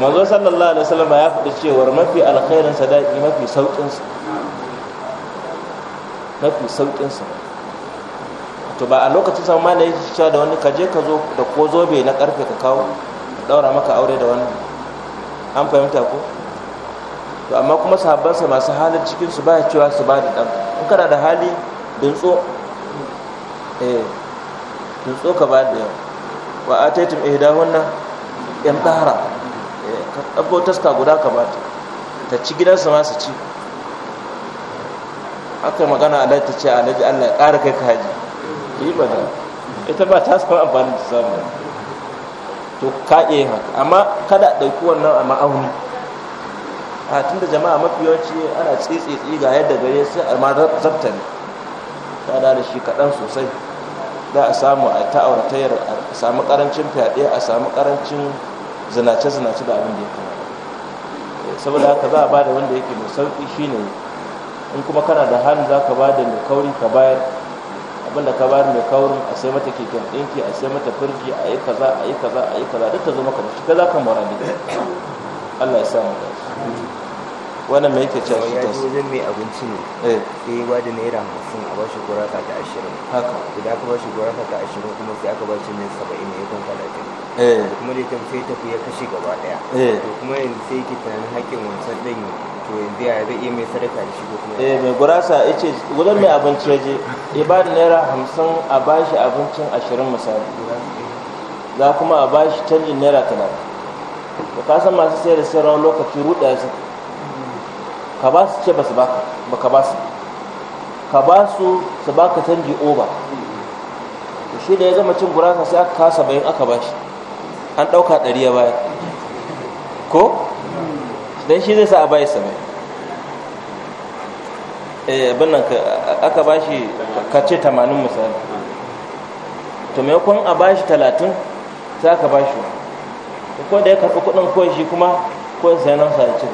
manzo sallallahu alaihi wasallam ya faɗi cewar mafi alkhairin sadaki mafi saukin sa mafi saukin sa to ba a lokacin sa ma da yake cewa da wani kaje ka zo da ko zobe na karfe ka kawo daura maka aure da wani, an fahimta ko to amma kuma sa masu halin cikin su ba cewa su ba da dan in kana da hali dintso eh dintso ka ba da wa ataitum ihdahunna tahara ka ɗabbo taska guda ka bata ta ci gidansa ma su ci aka magana a ta ce alhaji allah ya ƙara kai ka haji ki yi bada ita ba ta samu amfani da samu to ka iya yin haka amma kada ɗauki wannan a ma'auni a tun da jama'a mafi yawanci ana tsitsitsi ga yadda gare su a ma zabta ne ta da da shi kaɗan sosai za a samu a ta'auratayyar a samu ƙarancin fyaɗe a samu ƙarancin zinace-zinace da abin da ya kama saboda haka za a ba da wanda yake mai sauƙi shine in kuma kana da hannu za ka ba da mai kauri ka bayar abin da ka bayar mai kaurin a sai mata keken ɗinki a sai mata firji a yi kaza a yi kaza a yi kaza duk ta zama kamar shi ka za ka mora ne Allah ya samu da shi wannan mai yake cewa shi ta su wajen mai abinci ne eh. sai ya bada naira hamsin a bashi guraka ta ashirin haka idan aka bashi guraka ta ashirin kuma sai aka bashi mai saba'in ne ya kan talatin Eh. kuma da tafi ya tafi ya kashe gaba daya eh. to kuma yanzu sai yake tunanin hakkin wancan ɗin to yanzu ya zai iya mai sadaka da shi ko kuma eh mai gurasa ya ce wajen mai abinci ya je ya ba da naira hamsin a bashi abincin ashirin misali za kuma a bashi canjin naira talatin to ka san masu sayar da sayarwa lokaci ruɗa su ka ba su ce ba su baka ba ka ba su ka ba su su baka canji oba shi da ya gama cin gurasa sai aka kasa bayan aka ba shi an ɗauka ɗari ya baya ko don shi zai sa a bayi samai eh abin nan aka ba shi kace tamanin misali to maimakon a ba shi talatin sai aka ba shi ko da ya karɓi kuɗin ko shi kuma ko sai nan sa ya ci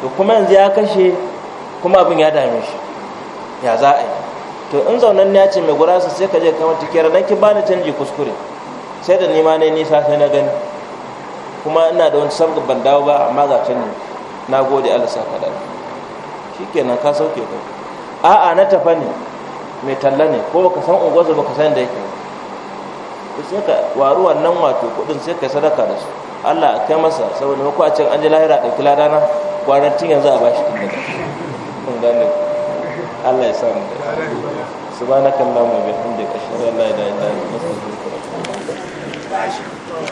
to kuma yanzu ya kashe kuma abin ya dame shi ya za a yi to in zaunan ya ce mai gurasa sai ka je kamar tikiyar nan ki bani canji kuskure sai da nima ne nisa sai na gani kuma ina da wani sabgar ban dawo ba amma ga can na gode Allah sa saka da shikenan ka sauke ka a'a na tafa ne mai talla ne ko baka san ungwazo baka san da yake sai ka waru wannan wato kudin sai ka sadaka da su Allah kai masa saboda ko a can an ji lahira ɗauki ladana kwanan tun yanzu a bashi tun kun gane Allah ya samu da wa bihamdika ashhadu an la ilaha illa anta astaghfiruka 大臣